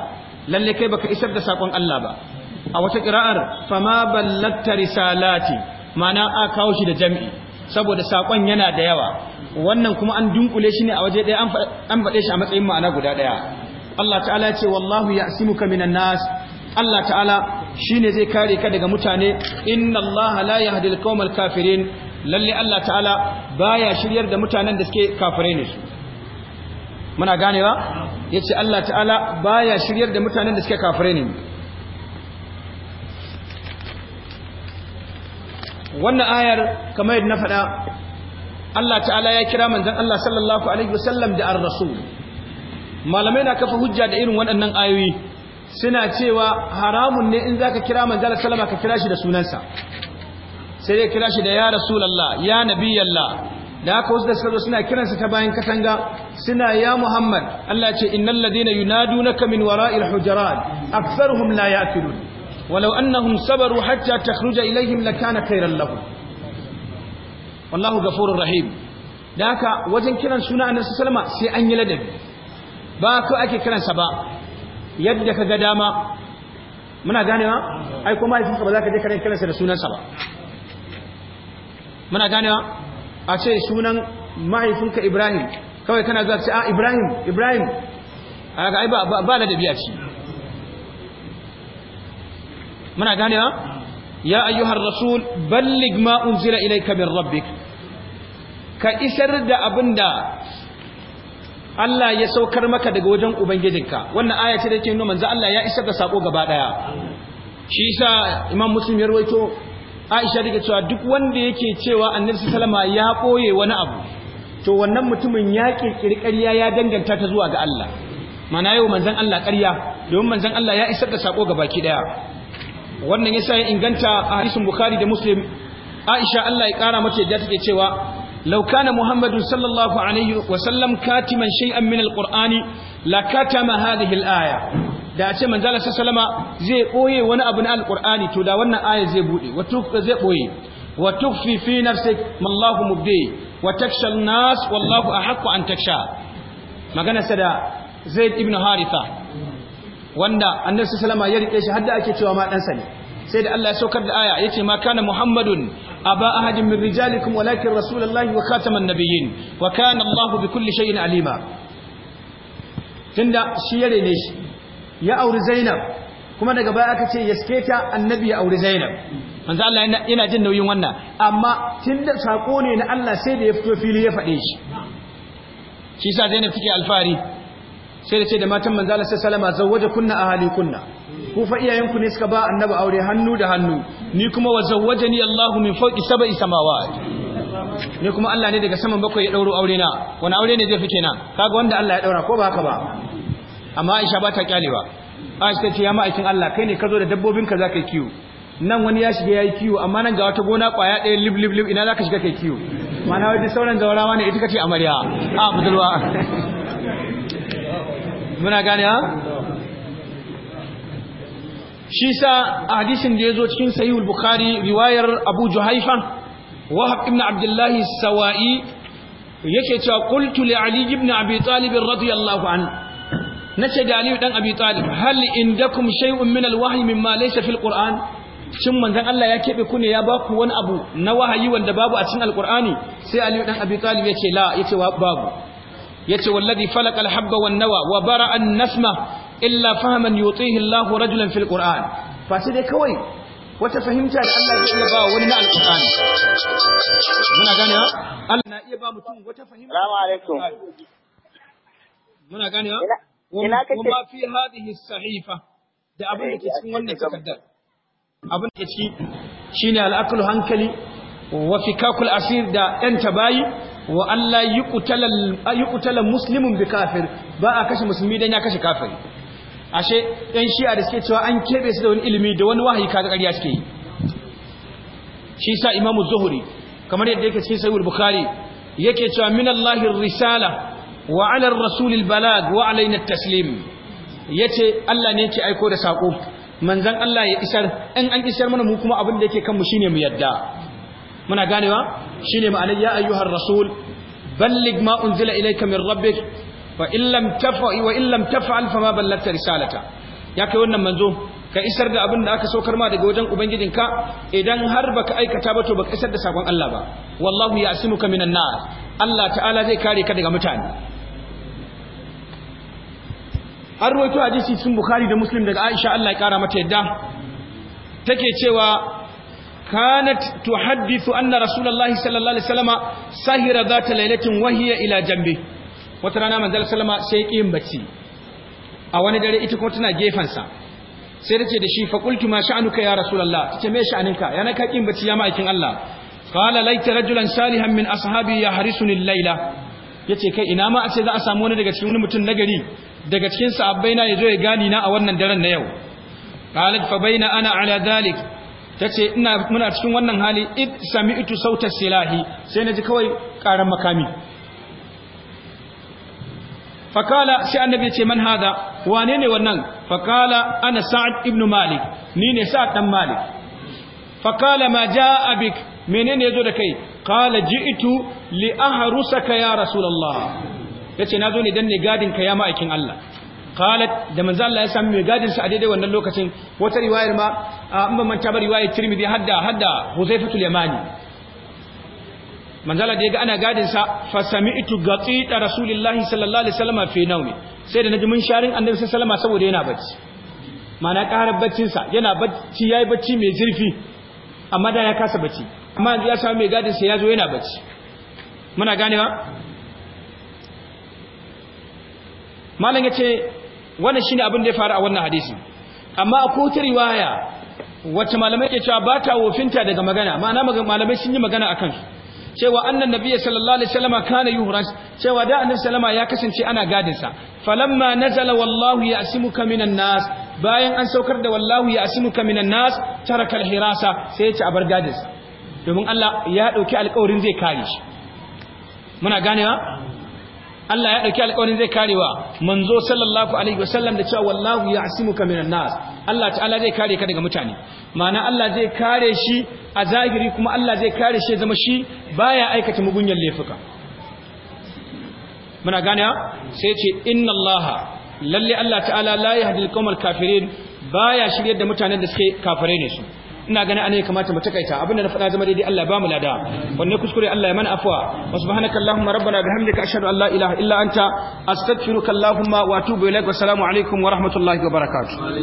lalle kai baka isar da sakon Allah ba a wata ƙira'ar fama ballakta risalati mana a kawo shi da jam'i saboda saƙon yana da yawa wannan kuma an dunkule shi ne a waje ɗaya an faɗe shi a matsayin ma'ana guda ɗaya Allah ta'ala ya ce wallahu ya asimuka minan nas Allah ta'ala shi ne zai kare ka daga mutane inna Allah la komal al kafirin lalle Allah ta'ala baya shiryar da mutanen da suke kafirai ne su muna ganewa yace Allah ta'ala baya shiryar da mutanen da suke kafirai ne wannan ayar kamar yadda na faɗa Allah ta'ala ya kira manzon Allah sallallahu alaihi wasallam da ar-rasul malamai na kafa hujja da irin waɗannan ayoyi suna cewa haramun ne in zaka kira manzon Allah sallama ka kira shi da sunansa sai dai kira shi da ya rasulullah ya nabiyallah da haka wasu da suna kiransa ta bayan katanga suna ya Muhammad Allah ce innal ladina yunadunaka min wara'il hujurat aktharuhum la ya'qilun ولو أنهم صبروا حتى تخرج إليهم لكان خيرا لهم والله غفور رحيم ذاك وجن كيران سنة النبي صلى الله عليه وسلم سي أن يلدب باكو أكي كيران سبا يدك قداما muna ganewa ai kuma yafi ba za ka je karen kiransa da sunansa ba muna ganewa a ce sunan mahaifinka Ibrahim kawai kana zuwa ce a Ibrahim Ibrahim a ga ai ba ba ladabi a ci muna ganewa ya ayyuhar rasul ballig ma unzila ilayka min rabbik ka isar da abinda Allah ya saukar maka daga wajen ubangijinka wannan aya ce da ke nuna manzo Allah ya isar da sako gaba daya shi yasa imam muslim ya rawaito Aisha take cewa duk wanda yake cewa annabi sallama ya koye wani abu to wannan mutumin ya kirkiri ƙarya ya danganta ta zuwa ga Allah mana yau manzon Allah ƙarya domin manzon Allah ya isar da sako ga baki daya wannan yasa ya inganta a hadisin bukhari da muslim aisha Allah ya kara mata yadda take cewa law kana muhammadun sallallahu alaihi wa sallam katiman shay'an min alqur'ani la katama hadhihi alaya da a ce manzala sallama zai boye wani abu na alqur'ani to da wannan aya zai bude wato zai boye wa tukfi fi nafsik ma Allahu mubdi wa taksha nas wallahu ahaqqu an taksha magana sada zaid ibn haritha wanda annabi sallama ya rike shi hadda ake cewa ma dan sani sai da Allah ya saukar da aya yace ma kana muhammadun aba ahadin min rijalikum walakin rasulullahi wa khataman nabiyyin wa kana Allah bi kulli shay'in alima tunda shi ya rene shi ya auri zainab kuma daga baya aka ce yasketa annabi ya auri zainab manzo Allah yana jin nauyin wannan amma tunda sako ne na Allah sai da ya fito fili ya faɗe shi shi sa zainab take alfari sai da ce da matan manzo Allah zau waje kunna ahali kunna ku fa iyayenku ne suka ba annabi aure hannu da hannu ni kuma wa ni allahu min fawqi sab'i samawat ni kuma Allah ne daga saman bakwai ya dauro aure na wani aure ne zai fi na kaga wanda Allah ya daura ko ba haka ba amma Aisha ba ta ba Aisha ta ce ya ma'aikin Allah kai ne ka zo da dabbobinka zaka kiwo nan wani ya shiga yayi kiwo amma nan ga wata gona kwaya ɗaya lib lib lib ina zaka shiga kai kiwo mana wai sauran gaurawa ne ita kace amarya a budurwa muna gane ha shi sa a hadisin da ya zo cikin sahihul bukhari riwayar abu juhaifa wahab ibn abdullahi sawa'i yake cewa qultu li ali ibn abi talib radiyallahu an nace da ali dan abi talib hal indakum shay'un min alwahyi mimma laysa fil qur'an shin manzon Allah ya kebe ku ne ya ba ku wani abu na wahayi wanda babu a cikin alqur'ani sai ali dan abi talib yace la yace babu yace wallazi falaka alhabba wan nawa wa bara an nasma illa fahman yutihi Allahu rajulan fil Qur'an fa sai dai kawai wata fahimta da Allah zai iya ba wani na alqur'ani muna gane ha? Allah na iya ba mutum wata fahimta assalamu alaikum muna ganewa ina kake kuma fi hadhihi sahifa da abin da ke cikin wannan takaddar abin da ke ciki shine al'aqlu hankali wa fikakul asir da yan tabayi wa Allah kutala musulmin bi kafir ba a kashe musulmi dan ya kashe kafir ashe ɗan shi'a da suke cewa an keɓe su da wani ilimi da wani wahayi kaga ƙarya suke yi shi sa imamu zuhuri kamar yadda yake cikin sahih bukhari yake cewa min Allah risala wa ala rasulil balag wa alaina taslim yace Allah ne yake aiko da sako manzon Allah ya isar in an isar mana mu kuma abin da yake kanmu shine mu yadda muna ganewa shine ma'anar ya ayyuhar rasul ballig ma unzila ilayka min rabbik wa in lam wa in lam taf'al fama ballagta risalata ya kai wannan manzo ka isar da abin da aka saukar ma daga wajen ubangijinka idan har baka aikata ba to baka isar da sakon Allah ba wallahu ya'simuka minan nar Allah ta'ala zai kare ka daga mutane an ruwaito hadisi cikin bukhari da muslim daga aisha Allah ya kara mata yadda take cewa كانت تحدث أن رسول الله صلى الله عليه وسلم سهر ذات ليلة وهي إلى جنبه وترانا من ذلك سلم سيكين بتي أولا داري إتكم تنا جيفا سا سيرتي دشي فقلت ما شأنك يا رسول الله تتمي شأنك يعني كاكين بتي يا مايكين الله قال ليت رجلا صالحا من أصحابي يحرسني الليلة yace kai ina ma a ce za a samu wani daga cikin wani mutum nagari daga cikin sahabbai na yazo ya gani na a wannan daren na yau qalat fa baina ana ala dhalik ta ce ina muna cikin wannan hali id sami itu sautar silahi sai na ji kawai karan makami fakala sai annabi ce man hada wane ne wannan fakala ana sa'ad Ibnu malik ni ne sa'ad dan malik fakala ma ja'a bik menene yazo da kai qala ji'tu li ahrusaka ya rasulullah yace nazo ne dan ne gadin ka ya ma'aikin Allah qalat da manzo Allah ya sami mai gadin sa a daidai wannan lokacin wata riwayar ma an ban manta ba riwayar Tirmidhi hadda hadda Huzaifatul Yamani manzo Allah da yaga ana gadin sa fa sami'tu gaqita Rasulullahi sallallahu alaihi wasallam fi nawmi sai da naji mun sharin Annabi sallallahu alaihi wasallam saboda yana bacci mana karar baccin sa yana bacci yayi bacci mai zurfi amma da ya kasa bacci amma ya sami mai gadin sa ya zo yana bacci muna ganewa malam ya ce wannan shine abin da ya faru a wannan hadisi amma a kowace riwaya wacce malamai ke cewa bata ta wofinta daga magana ma'ana malamai sun yi magana akan su cewa annan nabiyyi sallallahu alaihi wasallam kana yuhraj cewa da annabi sallama ya kasance ana gadin sa falamma nazala wallahu ya'simuka minan nas bayan an saukar da wallahu ya'simuka minan nas tarakal hirasa sai ya ci abar gadin sa domin Allah ya dauki alƙawarin zai kare shi muna ganewa Allah ya ɗauki alƙawarin zai karewa manzo sallallahu alaihi wasallam da cewa wallahu ya'simuka minan nas Allah ta'ala zai kare ka daga mutane ma'ana Allah zai kare shi a zahiri kuma Allah zai kare shi zama shi baya aikata mugunyan laifuka muna gane sai ce inna Allah lalle Allah ta'ala la yahdi al-qawmal kafirin baya shiryar da mutanen da suke kafire ne su ina ganin ana kamata mu takaita abinda na faɗa zama daidai Allah ba mu lada wanne kuskure Allah ya mana afwa wa subhanaka allahumma rabbana bihamdika ashhadu an la ilaha illa anta astaghfiruka allahumma wa atubu ilaik wa assalamu alaikum wa rahmatullahi wa barakatuh